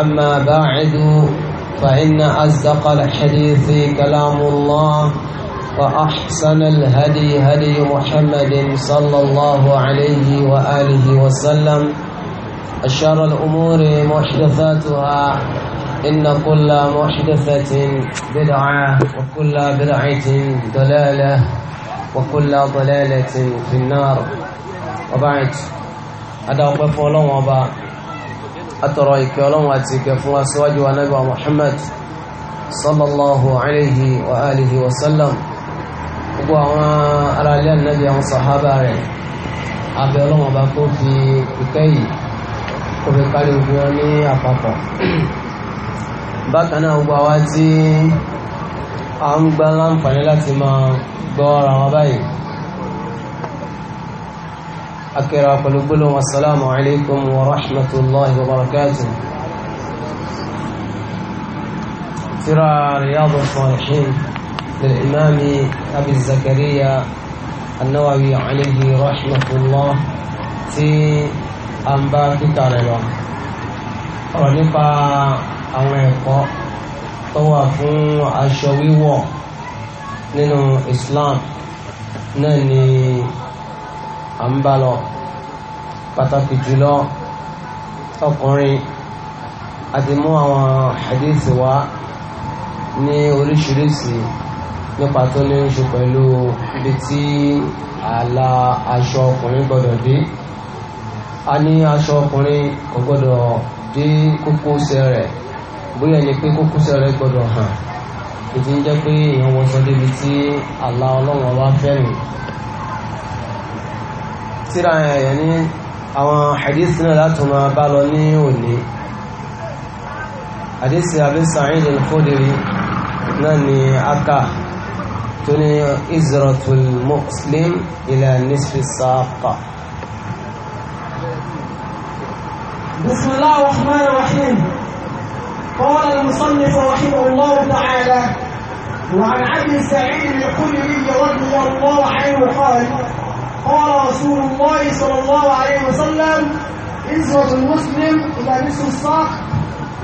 أما بعد فإن أصدق الحديث كلام الله وأحسن الهدي هدي محمد صلى الله عليه وآله وسلم أشار الأمور محدثاتها إن كل محدثة بدعة وكل بدعة ضلالة وكل ضلالة في النار وبعد هذا وقف الله atọrọ ìkẹ́ ọlọ́run àti ìkẹ́ fún aṣíwájú wa nábì wa Muhammad sallallahu alayhi wa alihi wa sallam gbogbo àwọn ará ilé ànábì àwọn sàhábà rẹ̀ abẹ́ ọlọ́run ọba kó fi ìkẹ́ yìí kó fi kárí gbogbo wọn ní àpapọ̀ bákan náà gbogbo àwa tí a ń gbá láǹfààní láti máa gbọ́ ara wọn báyìí akẹ́rọ pẹ̀lú gbólóhùn assalamu alaikum wa rahmatullahi wa barakatuh tírà riyadu salihin lil imami abi zakariya annawawi alayhi rahmatullah tí a ń bá kíkà rẹ̀ lọ ọ̀rọ̀ nípa àwọn ẹ̀kọ́ tó wà fún aṣọ wíwọ̀ nínú islam náà ni à ń bá lọ pàtàkì jùlọ ọkùnrin a ti mú àwọn hadith wá ní oríṣiríṣi nípa tó ní í ṣe pẹ̀lú ibi tí ààlà aṣọ ọkùnrin gbọ́dọ̀ dé a ní aṣọ ọkùnrin kò gbọ́dọ̀ dé kókósẹ̀ rẹ̀ bóyá ni pé kókósẹ̀ rẹ̀ gbọ́dọ̀ hàn ètí ń jẹ́ pé èèyàn wọṣọ débi tí ààlà ọlọ́run ọba fẹ́ràn tíra ẹ̀yẹ̀ ní àwọn hadith náà látọ̀ máa bá lọ ní òní hadith Abi Sa'id al-Khudri náà ni aka tó ní izratul muslim ila nisfi saqa بسم الله الرحمن الرحيم قال المصنف رحمه الله تعالى وعن عبد سعيد الخدري رضي الله عنه قال قال رسول الله صلى الله عليه وسلم إزوة المسلم إلى نصف الساق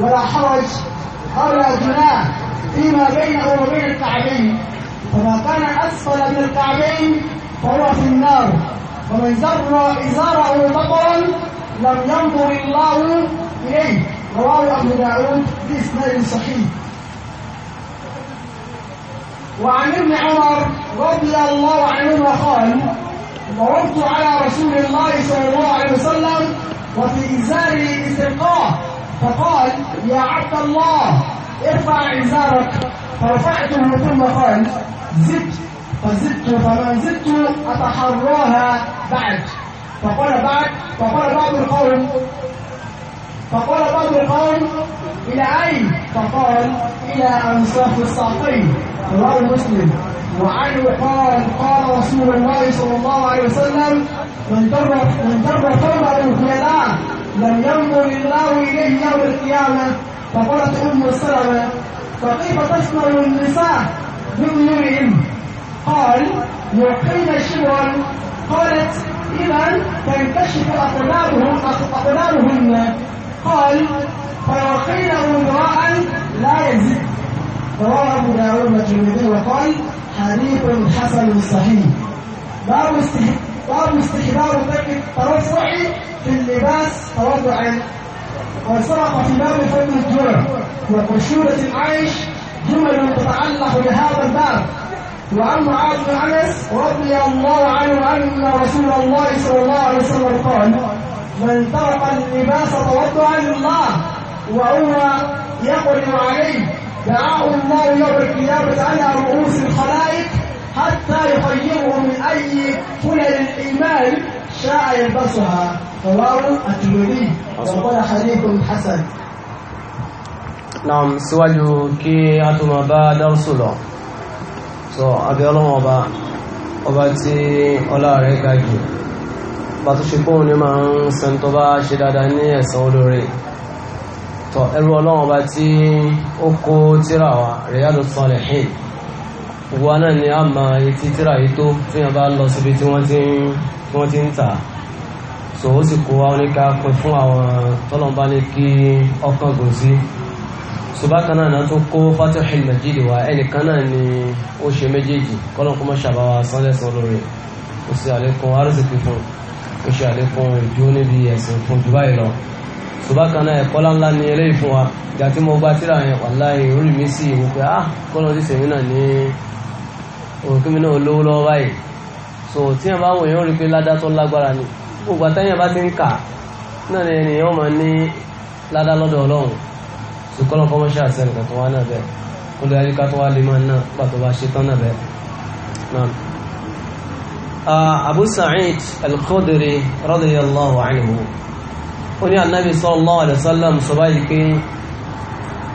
ولا حرج أو لا جناح فيما بينه وبين الكعبين فما كان أسفل من الكعبين فهو في النار ومن زر إزاره بطرا لم ينظر الله إليه رواه أبو داود بإسناد صحيح وعن ابن عمر رضي الله عنهما قال وعرضت على رسول الله صلى الله عليه وسلم وفي إزاري استرقاء فقال يا عبد الله ارفع إزارك فرفعته ثم قال زدت فزدت فما زدت أتحراها بعد فقال بعد فقال بعض القوم فقال بعض القوم إلى أين؟ فقال إلى أنصاف الساقين رواه مسلم وعنه قال قال رسول الله صلى الله عليه وسلم من در من در ثوبه خيلاء لم ينظر الله اليه يوم القيامه فقالت ام سلمه فكيف تصنع النساء من نورهم قال يوقين شبرا قالت اذا تنكشف اقدامهم اقلامهن قال فيوقين امراء لا يزيد رواه أبو داود والترمذي وقال حديث حسن صحيح باب باب استحباب التوسع في اللباس توضعا وسبق في باب فن الجوع وقشورة العيش جمل تتعلق بهذا الباب وعن معاذ بن انس رضي الله عنه ان رسول الله صلى الله عليه وسلم قال من ترك اللباس توضعا لله وهو يقدر عليه دعاهم الله يوم القيامة على رؤوس الخلائق حتى يخيرهم من أي حلل الإيمان شاء يلبسها رواه الترمذي وقال حديث حسن naam síwájú kí a tó máa bá dárúsù lọ so abẹ́ ọlọ́wọ́ ọba ọba tí ọlá rẹ̀ ga jù bá tó ṣe pọ́ùn ní máa ń sẹ́ntọ́ bá ṣe dáadáa ní ẹ̀san olóore tọ ẹrú ọlọ́run ọba tí ó kó tíra wa Riyadu Salihin wa náà ni a máa etí tíra yìí tó tí wọn bá lọ síbi tí wọn ti ń tà so ó sì kó wa oníka pin fún àwọn tọ́lọ́mbá ní kí ọkàn gùn sí subaka náà náà tó kó Fatihul Majid wa ẹnìkan náà ni ó ṣe méjèèjì kọ́lọ́n mọ́ ṣàbáwá sánlẹ̀sán lórí ó sì àlékún arúgbó fún ó ṣe àlékún ìdúró níbi ẹ̀sìn fún jù báyìí tó bá kan náà ẹ̀kọ́ láńlá ni eléyìí fún wa ìgbà tí mo gba tíra yẹn wàláhì orí mi sì wò pé ah kọ́nà ti sèmi náà ní òkè mi náà lówó lọ́wọ́ báyìí so tí yẹn bá wò yẹn ó rí pé ládá tó lágbára ni gbogbo àtẹ́yìn bá ti ń kà náà ni ènìyàn ó máa ní ládá lọ́dọ̀ ọlọ́run tó kọ́nà kọ́ mọ́ṣẹ́ àti ẹnìkan tó wá náà bẹ́ẹ̀ kó lè ayíká tó wá lè máa náà nígbà tó bá ṣe tán náà bẹ́ẹ̀ náà. Ah, Abu Sa'id al-Khudri radiyallahu anhu ó ní anábì sallallahu alaihi wasallam sọ báyìí pé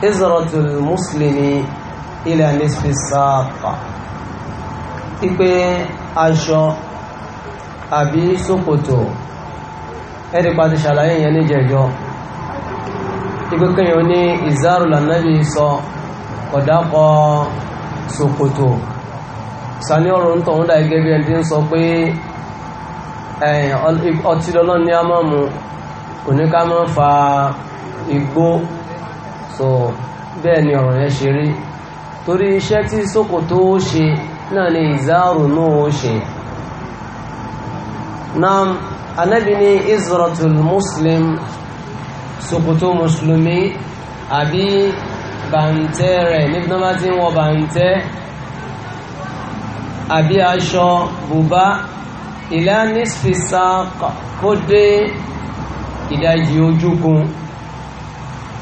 izratul muslimi ila nisfi sáàpà ipe aṣọ àbí ṣòkòtò ẹ̀rí pàtí ṣàlàyé yẹn ní jẹjọ ipe kíyàn ní ìzárù lànàbì sọ kọ̀dákọ̀ ṣòkòtò sani ọ̀rọ̀ ń tọ̀hún dà gẹ́gẹ́ bí ẹni tí ń sọ pé ọtí lọ́lọ́ a máa mú kò ní ká fa igbó so bẹ́ẹ̀ ni ọ̀rọ̀ yẹn ṣe rí torí iṣẹ́ tí ṣòkòtò ó ṣe náà ni ìzáàrù náà ó ṣe náà anábì ní izratul muslim ṣòkòtò mùsùlùmí àbí bàǹtẹ́ rẹ̀ níbi tó bá ti ń wọ bàǹtẹ́ àbí aṣọ bùbá ìlà nísfìsà kó dé ìdajì ojúgun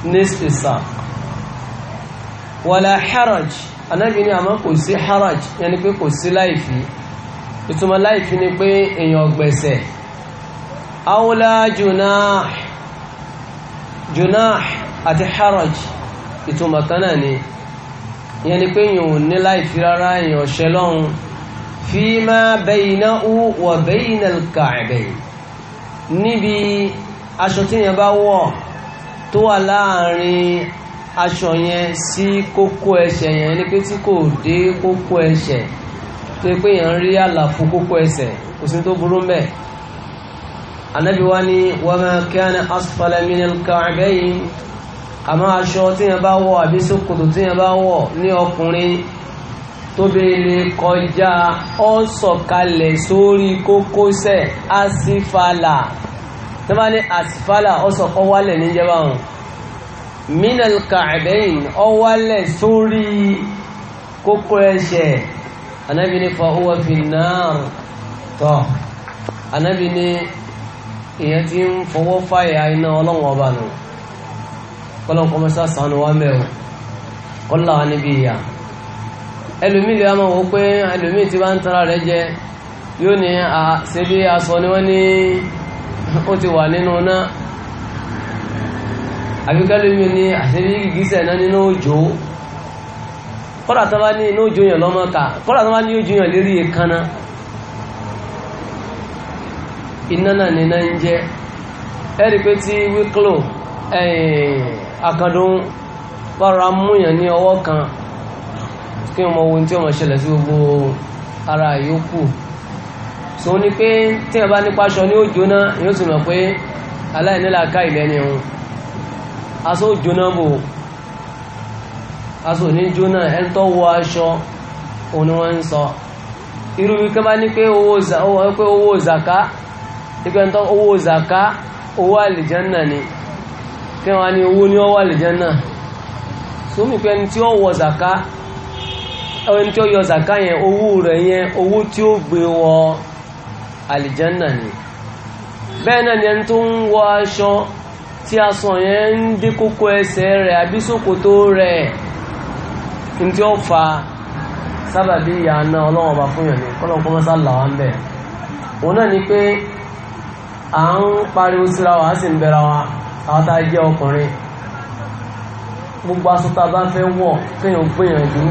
nísìsà wàlá haraj anábì ní àmọ́ kò sí haraj yẹni pé kò sí láìfí ìtumọ̀ láìfí ni pé èèyàn gbẹ̀sẹ̀ awla junah junah àti haraj ìtumọ̀ kan náà ni yẹni pé èèyàn ò ní láìfí rárá èèyàn ṣẹ lọ́hun fima baynahu wa bayna al-ka'bayn níbi aṣọ tí yẹn bá wọ̀ tó wà láàrin aṣọ yẹn sí kókó ẹsẹ̀ yẹn ni pé tí kò dé kókó ẹsẹ̀ tó yẹ pé yẹn ń rí àlàfo kókó ẹsẹ̀ kò sí tó burú mẹ́ anabi wa ni wa ma kana asfala minal ka'bayn àmọ́ aṣọ tí yẹn bá wọ̀ àbí ṣòkòtò tí yẹn bá wọ̀ ní ọkùnrin tóbi lè kọjá ọ̀sọ̀kalẹ̀ sórí kókósẹ̀ asífàlà tó bá ní asfala ọsọ ọwálẹ̀ ní jẹba hàn minal ka'bayn ọwálẹ̀ sórí kókó ẹsẹ̀ anábì ní fa huwa fi nar tọ́ anábì ní èyàn ti ń fọwọ́ fàyà iná ọlọ́wọ́ ọba nù kọ́lọ́n kọ́mọ́sá sànù wá mẹ́rin kọ́lá wa níbi ìyá ẹlòmíì lè máa wò pé ẹlòmíì ti bá ń tara rẹ̀ jẹ yóò ní àṣẹbí aṣọ ni wọ́n ní. ó ti wà nínú náà àbíkálómi ní àṣírí gígísẹ̀ náà nínú òjò kọ́lá tó bá ní inú òjò yàn lọ́mọ kọ́lá tó bá ní òjò yàn lérí èkánná iná náà ní iná ń jẹ́ ẹ̀rí pé tí bára ní ọwọ́ kan kí wọ́n mọ ohun tí wọ́n ṣẹlẹ̀ sí gbogbo ara yòókù so ní pé tí ẹ bá nípa aṣọ ní òjò náà ni ó sì mọ̀ pé aláìníláàká ìlẹ́ni òun aṣọ ò jóná bò aṣọ ní náà ẹni tó wọ aṣọ òní wọn ń sọ irú wíkẹ́ ní pé owó zaka ipe ẹni owó zaka owó ni kí wọ́n ní owó ní ọwọ́ pé zaka ẹni tí ó zaka yẹn owó rẹ̀ yẹn owó tí ó wọ àlìjánà ni bẹ́ẹ̀ náà ni ẹni tó ń wọ aṣọ tí aṣọ yẹn ń dé kókó ẹsẹ̀ rẹ̀ àbí ṣòkòtò rẹ̀ ní tí ó fa sábàbí ìyàna ọlọ́wọ́n bá fún yàn ní kọ́lọ́kọ́ mọ́sá làwọn bẹ̀ òun náà ni pé à ń pariwo síra wa a sì ń bẹ̀ra wa àwọn tá a jẹ́ ọkùnrin gbogbo aṣọ tá a bá fẹ́ wọ̀ kéèyàn gbìyànjú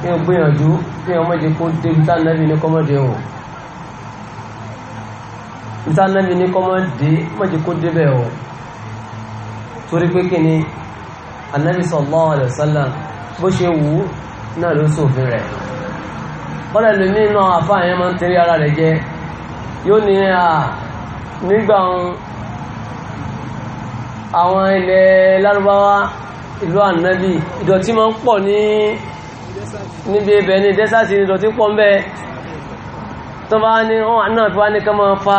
kéèyàn gbìyànjú kéèyàn mọ̀jẹ̀ kó débi tá a nàbì ní kọ́mọ̀dé wọn níta nábì ní kọ́mọ́ dé mọ́jì kó débẹ̀ ọ̀ torí pé kí ni anábì sallallahu alaihi wasallam bó ṣe wù ú náà ló sòfin rẹ̀ wọ́n lẹ́nu nínú àfa yẹn máa ń tẹ̀lé ara rẹ̀ jẹ yóò ní à nígbà àwọn ilẹ̀ lárúbáwá ìlú ànábì ìdọ̀tí máa ń pọ̀ ní níbi ibẹ̀ ní dẹ́sàtì ìdọ̀tí pọ̀ ń bẹ́ẹ̀ tó bá ní wọ́n náà fi wá ní kán fa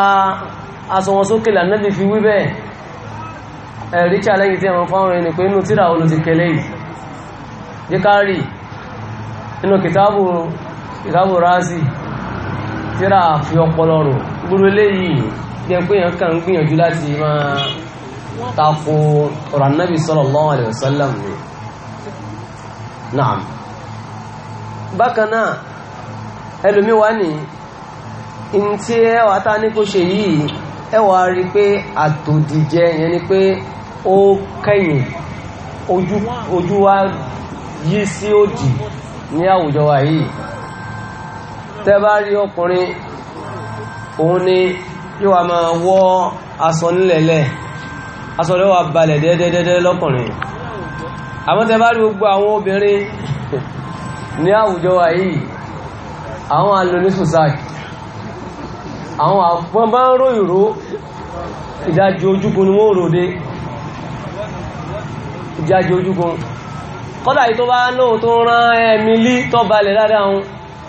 aṣọ wọn sókè lànàbì fi wí bẹ́ẹ̀ ẹ̀rí tí alẹ́yìn tí ẹ̀wọ̀n fáwọn ẹni pé inú tíra olù ti kẹlẹ̀ yìí jẹ́ ká rí inú kìtàbù kìtàbù ráàsì tíra fi ọpọlọ rò gbúrú eléyìí jẹ́ pé èèyàn kàn ń gbìyànjú láti máa tako ọ̀rọ̀ anábì sallallahu alaihi wasallam ntí ẹwà tá ní kó ṣe yìí ẹwà rí pé àtòdìjẹ yẹn ni pé ó kẹ̀yìn ojú wa yí sí òdì ní àwùjọ wa yìí tẹ́ bá rí ọkùnrin òun ni yóò wá máa wọ aṣọ nílẹ̀lẹ̀ aṣọ rẹ̀ wà balẹ̀ dẹ́dẹ́dẹ́dẹ́ lọ́kùnrin àmọ́ tẹ́ bá rí gbogbo àwọn obìnrin ní àwùjọ wa yìí àwọn alóní àwọn àwọn bá ń ró ìró ìdájì ojúgun ni wọ́n ròde ìdájì ojúgun kọ́dà yìí tó bá náà tó rán ẹ̀mí lí tó balẹ̀ dáadáa àwọn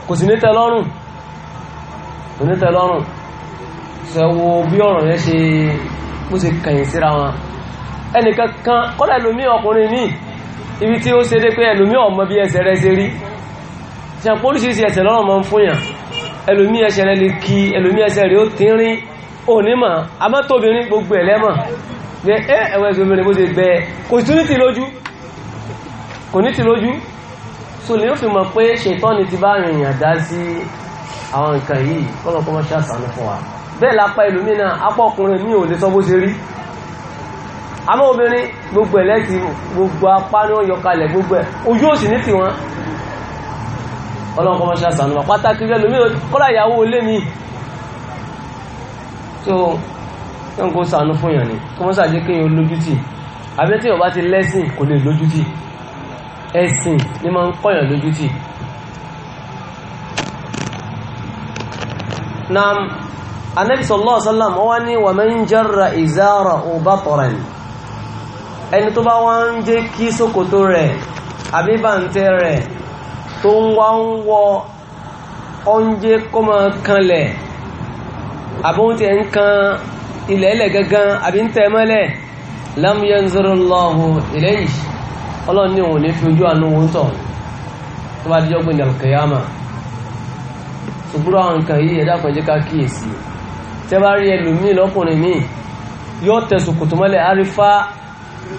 kò sì ní tẹ́lọ́rùn kò ní tẹ́lọ́rùn sẹ́wọ́ bí ọ̀rọ̀ yẹn ṣe bó ṣe kẹ̀yìn síra wọn ẹnìkan kan kọ́dà ẹlòmí ọkùnrin míì ibi tí ó ṣe dé pé ẹlòmí ọmọ bí ẹsẹ̀ rẹ̀ ṣe rí ṣe àpò ẹsẹ̀ lọ́rùn mọ́ fún yàn ẹlòmí ẹsẹ̀ rẹ̀ lè kí ẹlòmí ẹsẹ̀ rẹ̀ ó tínrín onímọ̀ amátòbìnrin gbogbo ẹ̀lẹ́mọ̀ ní ẹ ẹ̀wọ̀n ẹ̀sùn obìnrin bó ṣe bẹ kò tún ní ti lójú kò ní ti lójú so lè ó fi mọ̀ pé ṣètọ́ni ti bá rìnrìn dá sí àwọn nǹkan yìí kọ́lọ̀kọ́ mọ́ ṣàṣàánú fún wa bẹ́ẹ̀ lápá ẹlòmí náà apá ọkùnrin mi ò lè sọ bó ṣe rí àmọ́ obìnrin gbogbo ẹ̀lẹ́ ti gbogbo apá ní ó yọkalẹ̀ gbogbo ẹ̀ ojú òsì ní tiwọn ọlọ́run kọ́ mọ́ṣá sànú wọn pátákì rẹ lómi kọ́lá ìyàwó ilé mi tó ń kó sànú fún yàn ni kọ́ mọ́ṣá jẹ́ kéèyàn lójútì àbí tí ọba ti lẹ́sìn kò lè lójútì ẹ̀sìn ni máa ń kọ́yàn lójútì. naam anabi sallallahu alaihi wasallam wọ́n ní wa man jarra izara bataran ẹni tó bá wọ́n ń jẹ́ kí ṣòkòtò rẹ̀ àbí rẹ̀ tó ń wá ń wọ oúnjẹ kó mọ kanlẹ̀ ti ń kan ilẹ̀ ilẹ̀ gangan àbí ń tẹ mọ́lẹ̀ lam yanzurullahu ilayhi ọlọ́run ní òun ní fi ojú àánú wọn tọ̀ tó bá dijọ́ gbìyànjú alkiyama ṣùgbọ́n àwọn nǹkan yìí ẹ̀dá kan jẹ́ ká kíyèsí tẹ́ bá rí ẹlòmíì lọ́kùnrin míì yóò tẹ̀sùn àrífà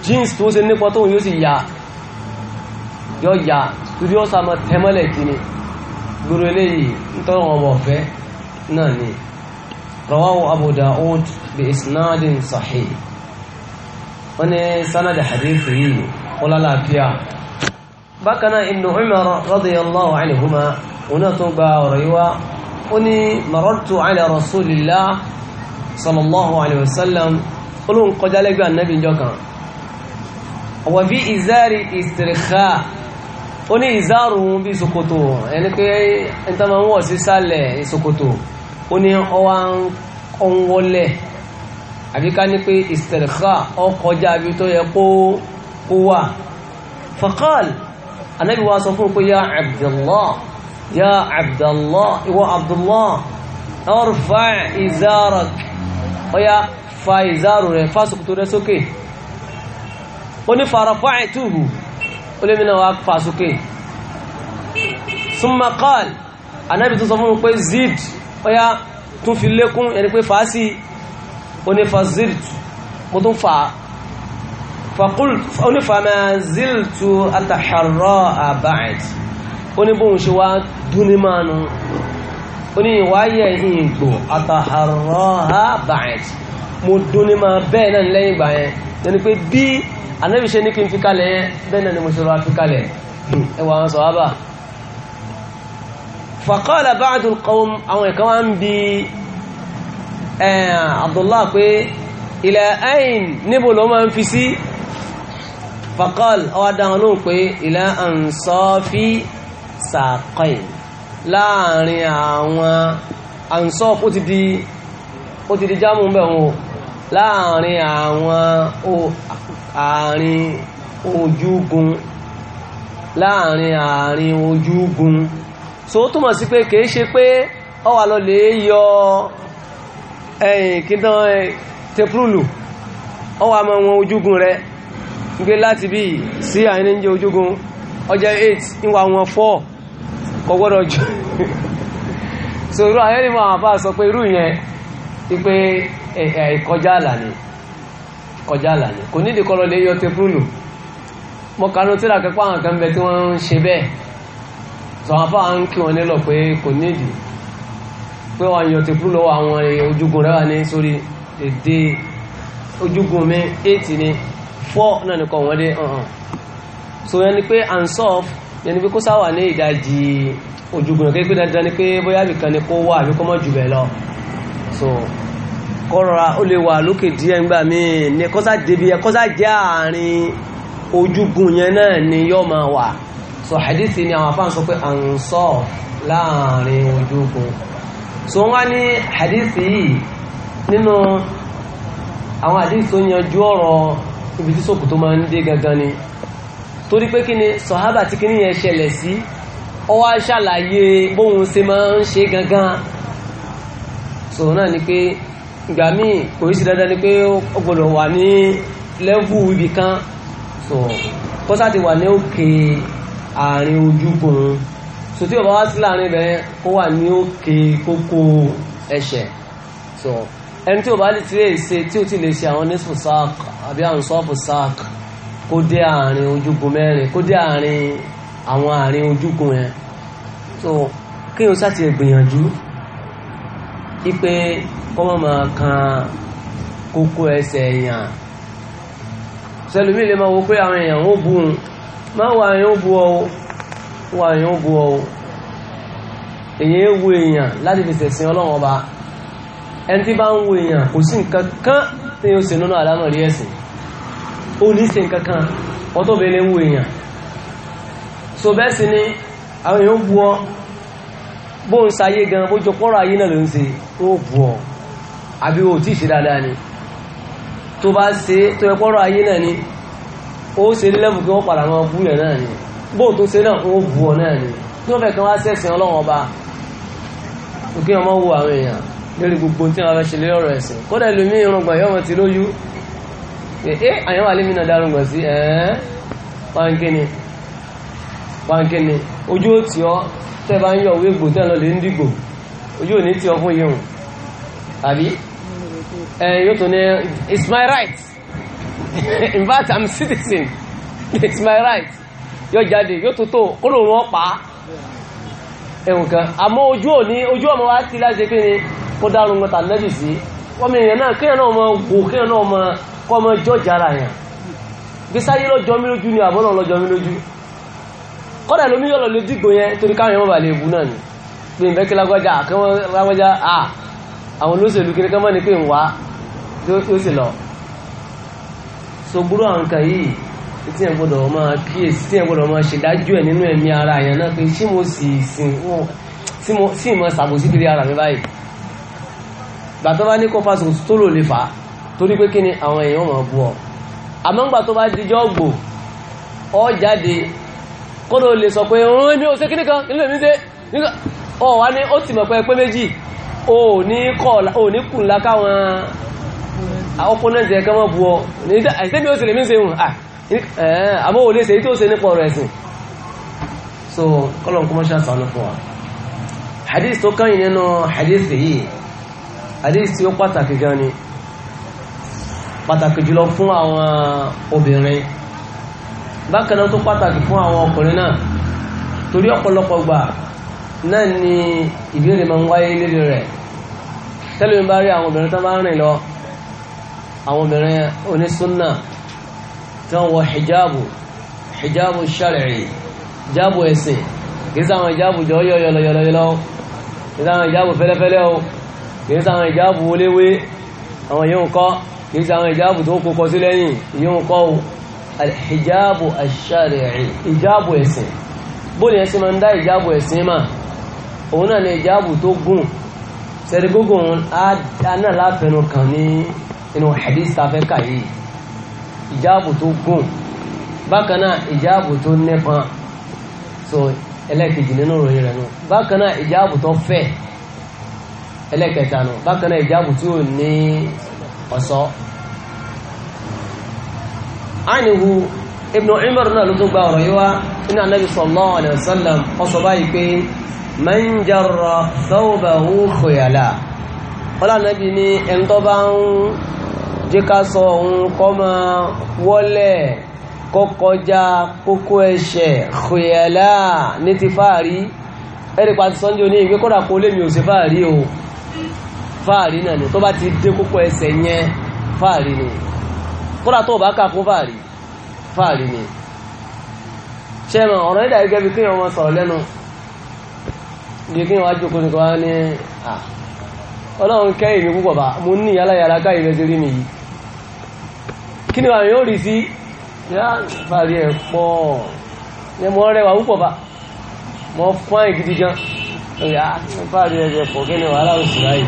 jeans tó nípa tóun yóò sì yà yọ ya torí ọ̀sà máa tẹ́mọ́lẹ̀ kí ni gbogbo eléyìí nítorí wọn bọ̀ fẹ́ náà ni rawahu Abu Dawud bi isnadin sahih wọ́n ní sanadi hadith yìí wọ́n lálàáfíà bákan náà ibn Umar radiyallahu anhuma wọn náà tún gba ọ̀rọ̀ yìí wá ó ní marartu ala rasulillah sallallahu alayhi wa sallam olóhùn kọjá kan wà fi izari ó ní ìzárùn bí ṣòkòtò ẹni pé ẹni tó máa ń wọ̀ sí sálẹ̀ ìṣòkòtò ó ní ọwá ń wọlẹ̀ àbí ká ní pé ìsìtẹ̀rẹ̀ká ọkọjá bí tó yẹ kó wà faqal anábì wa sọ fún pé ya abdullah ya abdullah olómìnà wa fà sókè súnmọ́ kọ́ọ̀lù anábì tó sọ fún mi pé zid ọya tún fi lékún ẹni pé fàá sí onífà zid mo tún fà á onífà máa zid tu ataharọ́ àbáyìd oníbóhùn ṣe wá dúní máa ìgbò ataharọ́ àbáyìd mo dúní bẹ́ẹ̀ náà lẹ́yìn ìgbà yẹn ẹni pé bí anábì ṣe ní kí n fi kalẹ̀ yẹn bẹ́ẹ̀ náà ni mo ṣe rọra fi kalẹ̀ ẹwà àwọn sọ̀hábà faqala ba'dul qawm àwọn ìkan wá ń bi abdullah pé ila ayn níbo ló máa ń fi sí faqal ọwọ́ dáhùn lóhùn pé ila ansafi saqayn láàrin àwọn ansọ́f ó ti di jámù ń láàrin àwọn àárín ojúgun láàrin àárín ojúgun so ó túnmọ̀ sí pé kìí ṣe pé ọ wà lọ lè yọ ẹ̀yìn kíntàn tẹpúrùlù ọ wà mọ wọn ojúgun rẹ gbé láti bí sí àárín ní ojúgun ọjọ́ 8 níwà wọn 4 kò jù so irú àyẹ́rìmọ̀ àbá sọ pé irú ìyẹn ti pé ìkọjá àlà ni ìkọjá àlà ni kò nídìí kọlọ lè yọ tẹpúlù mo kànú tíra kẹpọ àwọn kan bẹ tí wọn ń ṣe bẹ́ẹ̀ sọ àwọn afọ àwọn kí wọn nílò pé kò nídìí pé wọn yọ tẹpúlù lọ́wọ́ àwọn ojúgun rẹ wà ní sórí èdè ojúgun mi eight ni four náà nìkan wọn dé ọhàn so yẹn ni pé ansof yẹn ni pé kó sáwà ní ìdajì ojúgun rẹ kékeré dandan ni pé bóyá ibìkan ni kó wà àbí kó mọ jù bẹ́ẹ̀ lọ so kọ́ra ó lè wà lókè díẹ̀ ńgbà míì ní kọ́sá débi kọ́sá jẹ́ àárín ojúgun yẹn náà ni yóò máa wà so hadithi ni àwọn afáàn sọ pé à ń sọ láàrin ojúgun so wọ́n ní hadithi yìí nínú àwọn hadithi tó yanjú ọ̀rọ̀ ibi tí sòkòtò máa ń dé gangan ni torí pé kí ni sọ̀hábà tí kí ni yẹn ṣẹlẹ̀ sí ó wá ṣàlàyé bóun ṣe máa ń ṣe gangan so náà ni pé ìgbà míì kò sí dandan ni pé ó gbọdọ̀ wà ní lẹ́vù ibì kan so kọ́sá ti wà ní òkè àárín ojúkòrò so tí o bá wá sí láàrin ibẹ̀ kó wà ní òkè kókó ẹsẹ̀ so ẹni tí o bá ti lè ṣe tí o ti lè ṣe àwọn nísfù sáàk àbí àwọn sọ́ọ̀fù sáàk kó dé àárín ojúgun mẹ́rin kó dé àárín àwọn àárín ojúgun yẹn so kí o sá ti gbìyànjú ipe kọ́mọ́ máa kan kókó ẹsẹ̀ èèyàn sẹlùmí lè máa wo pé àwọn èèyàn ó bu un máa wà èèyàn ó bu ọ wà èèyàn ó bu ọ èèyàn ó wo èèyàn láti fi ṣẹ̀sìn ọlọ́run ọba ẹni tí bá ń wo èèyàn kò sí nǹkan kan tí yóò ṣe nínú àlámọ̀ rí ẹ̀sìn ó ní ṣe nǹkan kan wọ́n tó bẹ̀rẹ̀ ń wo èèyàn so bẹ́ẹ̀ sì ni àwọn èèyàn ó bu ọ bó ń sayé gan bó jọ pọ́rọ̀ ayé náà ló ń ṣe ó bù ọ́ àbí o tí ì ṣe dáadáa ni tó bá ṣe tó yẹ pọ́rọ̀ ayé náà ni ó ṣe lẹ́bù kí wọ́n padà máa bú yẹn náà ni bó tó ṣe náà ó bù ọ́ náà ni tí wọ́n fẹ́ kí wọ́n á sẹ̀sìn ọlọ́wọ́n ọba kí wọ́n máa wo àwọn èèyàn lórí gbogbo tí wọ́n fẹ́ ṣe lé ọ̀rọ̀ ẹ̀sìn kódà lómi ìrọ̀gbọ̀n yọ̀mọ̀ ti lóyú ee tẹ́ ń yọ owó egbò tẹ́ lọ lè ń dìgbò ojú ní tí ọ yìí hùn àbí ẹ yóò tó ní it's my right in fact i'm citizen it's my right yóò jáde yóò tó tó kó ló wọn pa ẹ̀wọ̀n kan àmọ́ ojú ò ojú ọmọ wa ti láti pé ni kó dárun mọ́ta nẹ́bì sí wọ́n èèyàn náà kéèyàn náà mọ wò kéèyàn náà mọ kọ́ ọmọ jọ́ọ̀jà ara yẹn gbèsáyé lọ́jọ́ mi lójú ni àbọ́lọ́ lọ́jọ́ mi lójú kọ́dà lómi yọ̀lọ̀ ló dìgbò yẹn torí káwọn yẹn wọ́n bà lè bu náà ni pé ìbẹ́kí lágbájá àkẹ́wọ́n lágbájá à àwọn olóṣèlú kiri kán mọ́ ni pé ń wá yóò sì lọ. so burú àwọn nǹkan yìí tí yẹn gbọ́dọ̀ máa kíyèsí tí yẹn gbọ́dọ̀ máa ṣèdájú ẹ̀ nínú ẹ̀mí ara yẹn náà pé ṣé mo sì sìn wọn sí ìmọ̀ ṣàbòsí kiri ara mi báyìí gbàtọ́ bá ní kó fásitì tó lò lè fà á torí pé kí ni àwọn èèyàn máa bú ọ àmọ́ ńgbà tó kọ́dọ̀ lè sọ pé òun ẹni òṣè kíní kan nílò mi ṣe ọ wá ní ó ti mọ̀ pé pé méjì ò ní kù ńlá káwọn opponent yẹn kán mọ̀ bu ọ àìsẹ́mi ó sì lè mí ṣe hùn àmọ́ ò lè ṣe tí ó ṣe nípa ọ̀rọ̀ ẹ̀sìn so kọ́lọ̀ ń kọ́ mọ́ṣá sànú fún wa hadith tó kàn yìí nínú hadith yìí hadith tí ó pàtàkì gan ni pàtàkì jùlọ fún àwọn obìnrin bákan náà tó pàtàkì fún àwọn ọkùnrin náà torí ọ̀pọ̀lọpọ̀ gbà náà ni ìbéèrè máa ń wáyé lérí rẹ̀ tẹ́lẹ̀ mi bá rí àwọn obìnrin tó bá ń rìn lọ àwọn obìnrin onísúnnà tó ń wọ hijabu hijabu shar'i hijabu ẹ̀sìn kìí sáwọn hijabu jọ yọyọyọlọyọlọ kìí sáwọn hijabu fẹ́lẹ́fẹ́lẹ́ o kìí sáwọn hijabu wọléwé àwọn yìí ń kọ́ kìí sáwọn hijabu tó kókọ sí lẹ́yìn yìí ń kọ́ o alhijabu ash-shari'i hijabu ẹ̀sìn bóòlù ẹ̀sìn máa ń dá hijabu ẹ̀sìn mà òun náà ni hijabu tó gùn sẹ́rí gbogbo òun náà láfẹnu kàn ní inú hadith tafẹ́ kà yìí hijabu tó gùn bákan náà hijabu tó nípa so ẹlẹ́kejì nínú ìròyìn rẹ̀ nù bákan náà hijabu tó fẹ̀ ẹlẹ́kẹta nù bákan náà hijabu tí ní ọ̀ṣọ́ ánìhu ibn umar náà ló tó gba ọ̀rọ̀ yíwá inú anábì sallallahu alaihi wasallam ọsọ báyìí pé man jarra thawbahu khuyala ọlá anábì ní ẹni tó bá ń jẹ́ ká sọ òun kọ́ máa wọlé kọkọjá kókó ẹsẹ̀ khuyala ní ti fáàrí ẹ̀rìpa ti sọ́njẹ́ oní ìwé kọ́dà kó lè mi ò sí fáàrí o fáàrí náà ni tó bá ti dé kókó ẹsẹ̀ yẹn fáàrí ni kódà tó bá kà fàárí fàárí ni ṣẹ́mọ̀ ọ̀rọ̀ ìdá gẹ́gẹ́ bí kíyàn wọn sọ̀rọ̀ lẹ́nu bí kíyàn wá jókòó nìkan wá ní ọlọ́run kẹ́yìn mi púpọ̀ bá mo ní yálàyàlá káyìn rẹ̀ sí mi yìí kí ni àwọn yóò rí sí fàárí ẹ̀ pọ̀ ní mo rẹwà púpọ̀ bá mo fún àyè gidi gan fàárí ẹ̀ pọ̀ kí ni wàhálà òṣù ráyè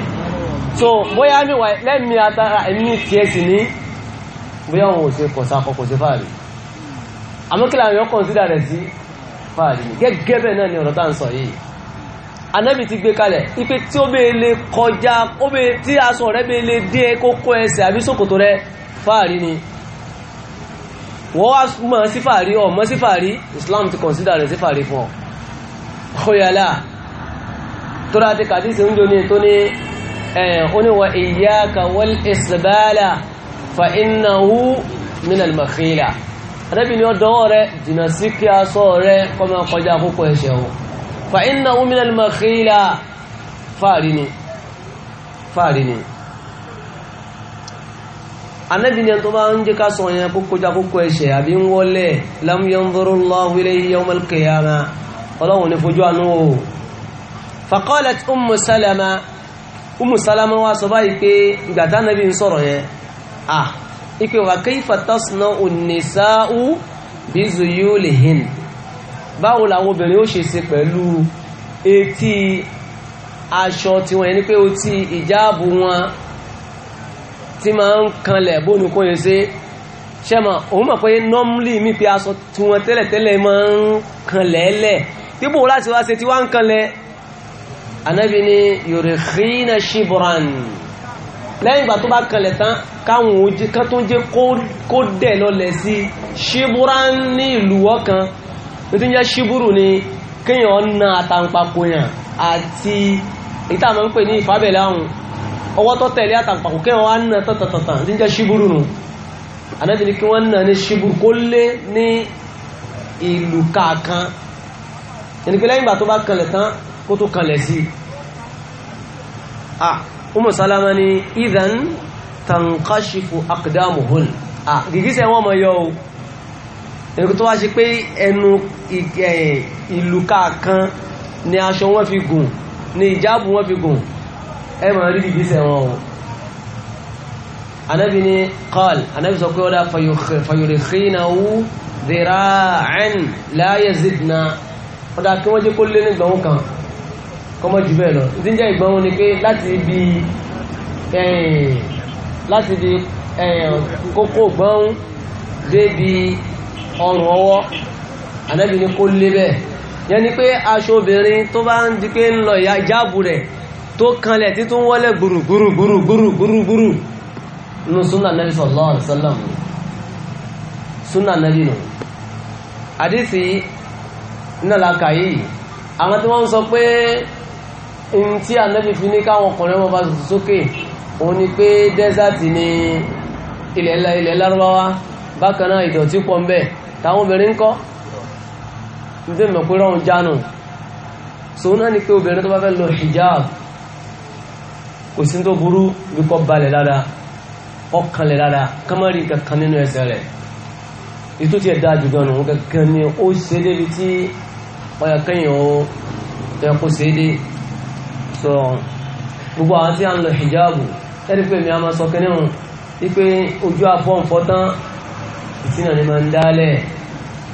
so bóyá mi wà lẹ́mìí àtàrà ẹ̀mí tiẹ̀ sì ní bóyá wọn ò ṣe kọ̀sákọ̀ kò ṣe fáàrí àmọ́kílà àwọn ọkọ̀ sí dàrẹ̀ sí fáàrí gẹ́gẹ́ bẹ́ẹ̀ náà ni ọ̀rọ̀ tá ń sọ yìí anábì ti gbé kalẹ̀ ipe tí ó bẹ́ẹ̀ lè kọjá tí aṣọ rẹ̀ bẹ́ẹ̀ lè dé kókó ẹsẹ̀ àbí ṣòkòtò rẹ̀ fáàrí ni wọ́n wá mọ̀ sí fàárí ọmọ sí fàárí Islam ti consider rẹ̀ sí fàárí fún ọ ọ̀yàlá tó rá ti kàdísì ń jò ní tó ní ẹ̀yàn oníwà iyyaka wal isbala fa innahu minal makhila anábì ni ó dọwọ́ rẹ jìnà sí kí a sọ rẹ kọ́ máa kọjá àkókò ẹ̀ṣẹ̀ o fa innahu minal makhila fáàrí ni fáàrí ni anábì ni tó bá ń jẹ́ ká sọ yẹn kọjá àkókò ẹ̀ṣẹ̀ àbí ń wọlé lam yanzurullahu ilayhi à ah, ipe wà kayfa tasna'u an-nisa'u bi zuyulihin báwo làwọn obìnrin ó ṣe ṣe pẹ̀lú etí aṣọ tiwọn yẹn ni pé otí ìjáàbù wọn tí máa ń kanlẹ̀ bónú kó yẹn ṣe ṣẹ́mọ̀ òun mọ̀ pé normally mi pé aṣọ tí wọ́n tẹ́lẹ̀tẹ́lẹ̀ máa ń kanlẹ̀ lẹ̀ dípò láti wá ṣe tí wọ́n ń kanlẹ̀ anábì ni yorùbá ṣíbran lẹ́yìn ìgbà tó bá kanlẹ̀ tán káwọn òjì kan tó ń jẹ́ kó dẹ̀ lọlẹ̀ sí ṣíbúrá ní ìlú ọkàn ní ń jẹ́ ṣíbúrù ni kéèyàn na àtàǹpàkò yàn àti èyí tá a máa ń pè ní ìfábẹ̀lẹ̀ àwọn ọwọ́ tó tẹ̀lé àtàǹpàkò kéèyàn wá na tọ̀tọ̀tọ̀tàn tí ń jẹ́ ṣíbúrù nù ànábì ni kí wọ́n na ní ṣíbúrù kó lé ní ìlú kàkan ẹni lẹ́yìn ìgbà tó bá kanlẹ̀ tán kó tó kanlẹ̀ sí i ah. Umu Salama ni idan tankashifu akdamuhun a gìgísẹ̀ wọn mọ̀ yọ o ẹni tó wá ṣe pé ẹnu ìlú kàkan ni aṣọ wọn fi gùn ni ìjáàbù wọn fi gùn ẹ mọ̀ rí gìgísẹ̀ wọn o anabi ni qal anabi sọ pé ọ̀dà fayurikhinahu dhira'an la yazidna ọ̀dà kí wọ́n jẹ́ kó lé nígbà kọ́mọ́ jù bẹ́ẹ̀ lọ tí ń jẹ́ ìgbọ́n wọn ni pé láti ibi láti ibi kókó gbọ́n débi ọrùn ọwọ́ ànábì ni kó lé bẹ́ẹ̀ yẹn ni pé aṣọ obìnrin tó bá ń di pé ń lọ ìyá ìjáàbù rẹ̀ tó kanlẹ̀ tí tó ń wọlé gbùrùgbùrùgbùrùgbùrùgbùrù nù súnà nàbì sallallahu alaihi wasallam súnà nàbì nù àdìsí nílàkà yìí àwọn tí wọ́n sọ pé in tí anabi fi ní káwọn ọkùnrin wọn bá tutù sókè òun ni pé dẹ́sàtì ni ilẹ̀ ilẹ̀ lárúbáwá bákan náà ìdọ̀tí pọ̀ ńbẹ táwọn obìnrin ń kọ́ ní tí mọ̀ pé rọrùn jánu so náà ni pé obìnrin tó bá fẹ́ lọ hijab kò sí tó burú bí kò balẹ̀ dáadáa ọkànlẹ̀ dáadáa kámẹ́rì kankan nínú ẹsẹ̀ rẹ̀ ètò tí ẹ dáa jù gan nù kankan ni ó ṣe débi tí ọyà kẹyìn ó ẹ kó ṣe é dé so gbogbo àwọn tí a ń lọ hijabu ẹni pé mi a máa sọ kínní hùn wípé ojú afọ́nfọ́ tán ìtìnà ni máa ń dálẹ̀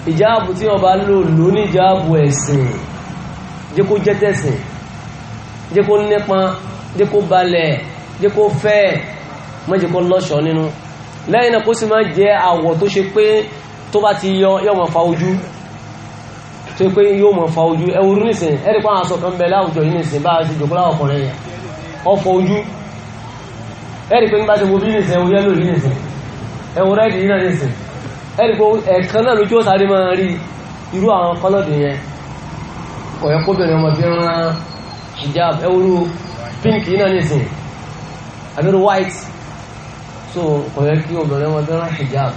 hijabu tí wọ́n bá lò lò ní hijabu ẹ̀sìn jẹ́ kó jẹ́ tẹ̀sìn jẹ́ kó nípa jẹ́ kó balẹ̀ jẹ́ kó fẹ́ má jẹ́ kó lọ́ṣọ̀ọ́ nínú lẹ́yìn náà kó sì máa jẹ́ àwọ̀ tó ṣe pé tó bá ti yọ yọ̀mọ̀ ojú tó pé yóò mọ̀ fa ojú ẹwùrú nìsìn ẹ̀rí pa àwọn aṣọ́kan bẹ láwùjọ yìí nìsìn bá a ṣe jòkó láwọn ọkùnrin yẹn ọfọ ojú ẹ̀rí pé nígbà tí mo bí nìsìn ẹwù yẹ́lò yìí nìsìn ẹwù rẹ́ẹ̀dì yìí náà nìsìn ẹ̀rí pé ẹ̀kan náà lójú ọ̀sáré máa rí irú àwọn kọ́lọ́dì yẹn ọ̀yọ́ kóbìnrin ọmọ fi rán hijab ẹwùrú pink yìí náà nìsìn àbúrò white so ọ̀yọ́ kí obìnrin ọmọ fi rán hijab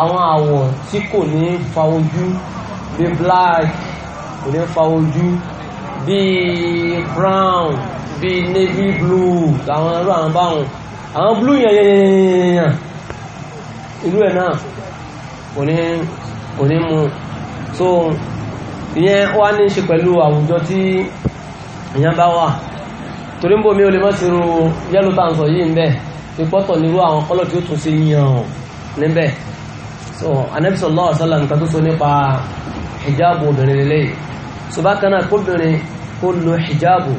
àwọn àwọ̀ tí kò ní fa ojú bí black kò ní fa ojú bí brown bí navy blue àwọn irú àwọn báwọn àwọn blue yẹn yẹn irú ẹ̀ náà kò ní kò ní mu so ìyẹn wá ní ṣe pẹ̀lú àwùjọ tí ìyẹn bá wà torí ń bò mí o lè mọ́ sí irú yẹ́lò tá à ń sọ yìí ń bẹ̀ ìpọ́tọ̀ nírú àwọn kọ́lọ̀ tí ó tún sí yàn níbẹ̀ so anabi sallallahu alaihi wasallam nǹkan tó sọ nípa hijabu obìnrin lélẹ̀ ṣùgbọ́n kan náà kóbìnrin kó lo hijabu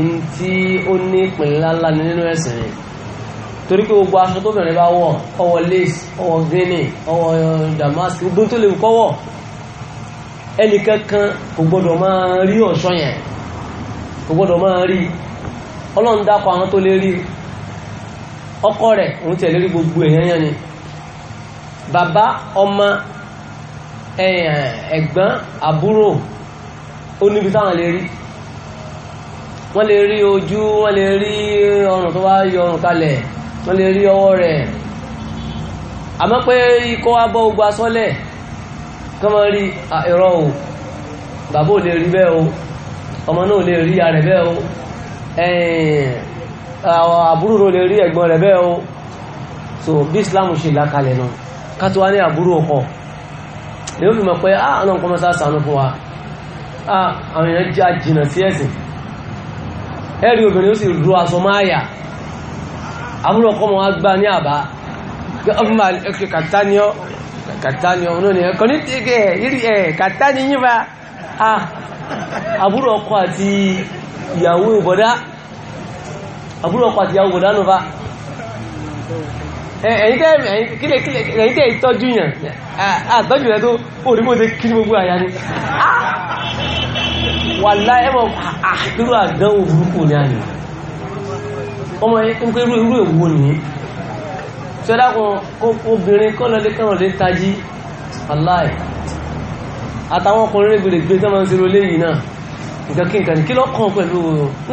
in tí ó ní ìpínlẹ̀ ńlá nínú ẹ̀sìn rẹ̀ torí pé gbogbo aṣọ tóbìnrin bá eh, damask gbogbo tó lè kọ́wọ́ ẹnìkankan kò gbọ́dọ̀ máa rí ọ̀ṣọ́ yẹn kò gbọ́dọ̀ máa ọkọ ẹ̀gbọ́n àbúrò ó níbi táwọn lè rí wọ́n lè rí ojú wọ́n lè rí ọrùn tó bá yọ ọrùn kalẹ̀ wọ́n lè rí ọwọ́ rẹ̀ àmọ́ pé ikọ́ abọ́ ogun asọ́lẹ̀ kọ́ mọ́ rí ẹ̀rọ o bàbá ò lè rí bẹ́ẹ̀ o ọmọ náà ò lè rí ara rẹ̀ bẹ́ẹ̀ o àbúrò ò lè rí ẹ̀gbọ́n rẹ̀ bẹ́ẹ̀ o so bí Islam ṣe là kalẹ̀ náà ká tó ní àbúrò ọkọ̀ ni ó fi mọ̀ pé ah ọ̀nà nǹkan mọ́sá sànú fún wa a ah, àwọn èèyàn já jìnà sí ẹ̀sìn obìnrin ó sì ru aṣọ máa ní ni ẹ̀kọ́ ní tẹ́gẹ̀ ìrì ẹ̀ kàtánì yín bá ah àbúrò ọkọ ati ìyàwó ìbọ̀dá àbúrò ẹ̀yìn tẹ́ kílẹ̀ kílẹ̀ ẹ̀yìn tẹ́ ìtọ́jú yàn àtọ́jú rẹ̀ tó orígbóde kí gbogbo àyà ni wà láẹ́mọ̀ àdúrú àdánwò burúkú ní àyè ọmọ ẹgbẹ́ irú irú èwo nìyí tí ó dákun obìnrin kọ́ lọ lékẹ́rùn lé tají aláì àtàwọn ọkùnrin rẹ̀ gbèrègbè tó máa ń ṣe lólé yìí náà nǹkan kí nǹkan kí lọ́kàn pẹ̀lú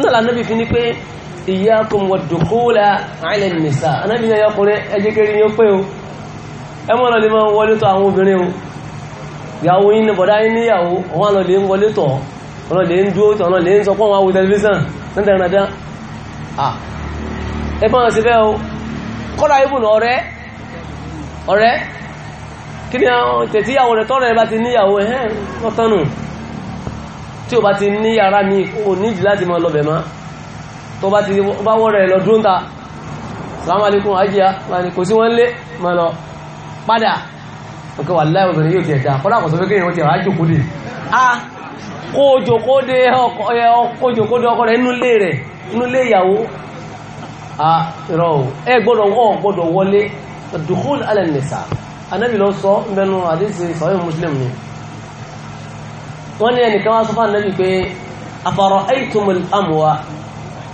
náà lànà bí fi ní pé ìyákùn wàdùkúlà àìlẹ̀ nìsà anábì ní ayọkùnrin ẹjẹ́kẹ́rí yóò pé o ẹ mọ́ lọ́lẹ́ máa wọlé tọ̀ àwọn obìnrin o ìyàwó yín bọ̀dá yín níyàwó wọn lọ́lẹ́ ń wọlé tọ̀ ọlọ́lẹ́ ń dúró tọ̀ ọlọ́lẹ́ ń sọ pọ́n wọn wo tẹlifíṣàn nítẹ̀rẹ̀dá ẹ bá wọn sí bẹ́ẹ̀ o kọ́lá ibùn ọ̀rẹ́ ọ̀rẹ́ kí ni tètí ìyàwó rẹ̀ tọ́rẹ̀ bá tí o bá ti ní yàrá mi ò níjì láti máa lọ bẹ̀ máa tó bá ti bá wọ́rẹ̀ lọ dúró ń ta salamu alaikum ajiya ni kò sí wọ́n lé ma lọ padà ok wà láì obìnrin yóò ti ẹ̀dá kọ́lá kò sọ pé kéèyàn ti rà á jòkó dé a kó jòkó dé ọkọ̀ jòkó dé ọkọ rẹ̀ inú lé rẹ̀ inú lé ìyàwó a rọ o ẹ gbọ́dọ̀ wọ́ gbọ́dọ̀ muslim ni wọ́n ní ẹnìkan wá sọ fún anábì pé afara'aytumul amwa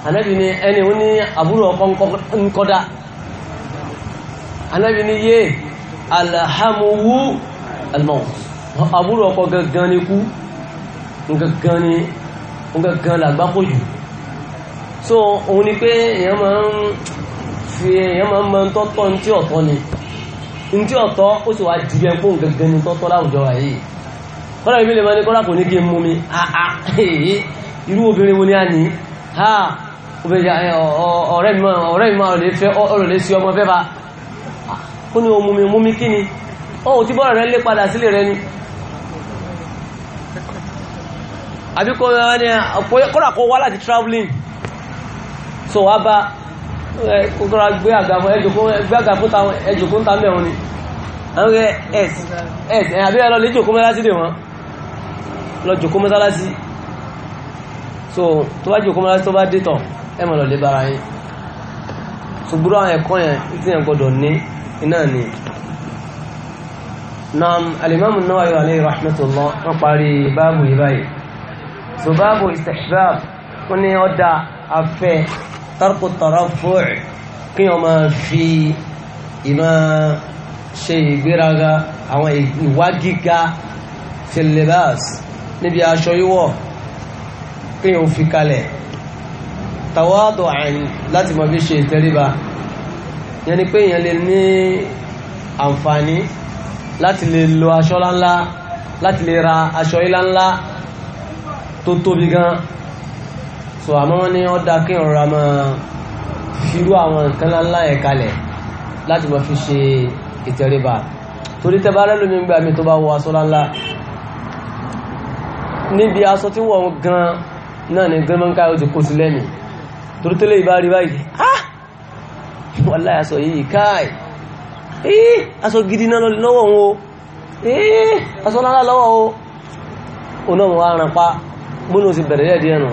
anabi ni ẹni wọn ni àbúrò ọkọ nkọdá anabi ni yé alhamuwu almaut àbúrò ọkọ gangan ni kú gangan ni gangan làgbákò jù so òun ni pé èèyàn máa ń fi èèyàn máa ń mọ tọ́tọ́ ní tí ọ̀tọ́ ni ní tí ọ̀tọ́ ó sì wá di bí ẹnkó gangan ni tọ́tọ́ láwùjọ rà yìí kọ́lá ìbílẹ̀ máa ní kọ́lá kò ní kí n mú mi àà irú obìnrin wo ni a ní ha ọ̀rẹ́ mi ọ̀rẹ́ mi máa lè fẹ́ ọ̀rọ̀ lè sí ọmọ fẹ́fà kó ah, ní ohun mumi mumi kí ni ohun tí bọ́ọ̀rọ̀ rẹ lé padà sílé rẹ ni àbíkọ́ ẹni kọ́ra kó wá láti traveling so wá bá kókóra gbé àgàfún ẹjòkúnta ẹjòkúnta mẹ́wọn ni àwọn ẹ̀s ẹ̀s àbí ẹlọ lè jòkó mẹ́lásí dè wọ́n lọ jòkó mẹ́sálásí so tó bá jòkó mẹ́lásí tó bá dé tán ẹ mọ̀ lọ́lẹ́ bára yín ṣùgbọ́n àwọn ẹ̀kọ́ yẹn tí yẹn gbọ́dọ̀ ní iná ni nam alimamu Nawawi alayhi rahmatullah wọ́n parí báàbù yìí báyìí so báàbù istihbab wọ́n ní ọ̀dà afẹ́ tarku tarafu' kí wọ́n máa fi ìmọ̀ ṣe ìgbéraga àwọn ìwà gíga níbi aṣọ yíwọ̀ kí wọ́n fi kalẹ̀ tàwádọ̀ àìní láti mọ̀ bí ṣe ìtẹríba yẹn ni pé èèyàn lè ní àǹfààní láti lè lo aṣọ láńlá láti lè ra aṣọ ilá tó tóbi gan so àmọ́ wọ́n ní ọ́dá kí n rọra mọ́ fírú àwọn nǹkan láńlá yẹn kalẹ̀ láti mọ̀ fi ṣe ìtẹríba torí tẹ́bá lẹ́lómi ń gbà mí tó bá wọ aṣọ láńlá níbi aṣọ tí wọ́n gan náà ni gírímọ́ńká yóò ti kó sí lẹ́mìí torítẹ́lẹ̀ ìbá rí báyìí ah wàláhì aṣọ yìí káì eh aṣọ gidi náà lọ́wọ́ wọn o eh aṣọ lára lọ́wọ́ o o náà wọ́n aràn pa múnú sí bẹ̀rẹ̀ díẹ̀ díẹ̀ nù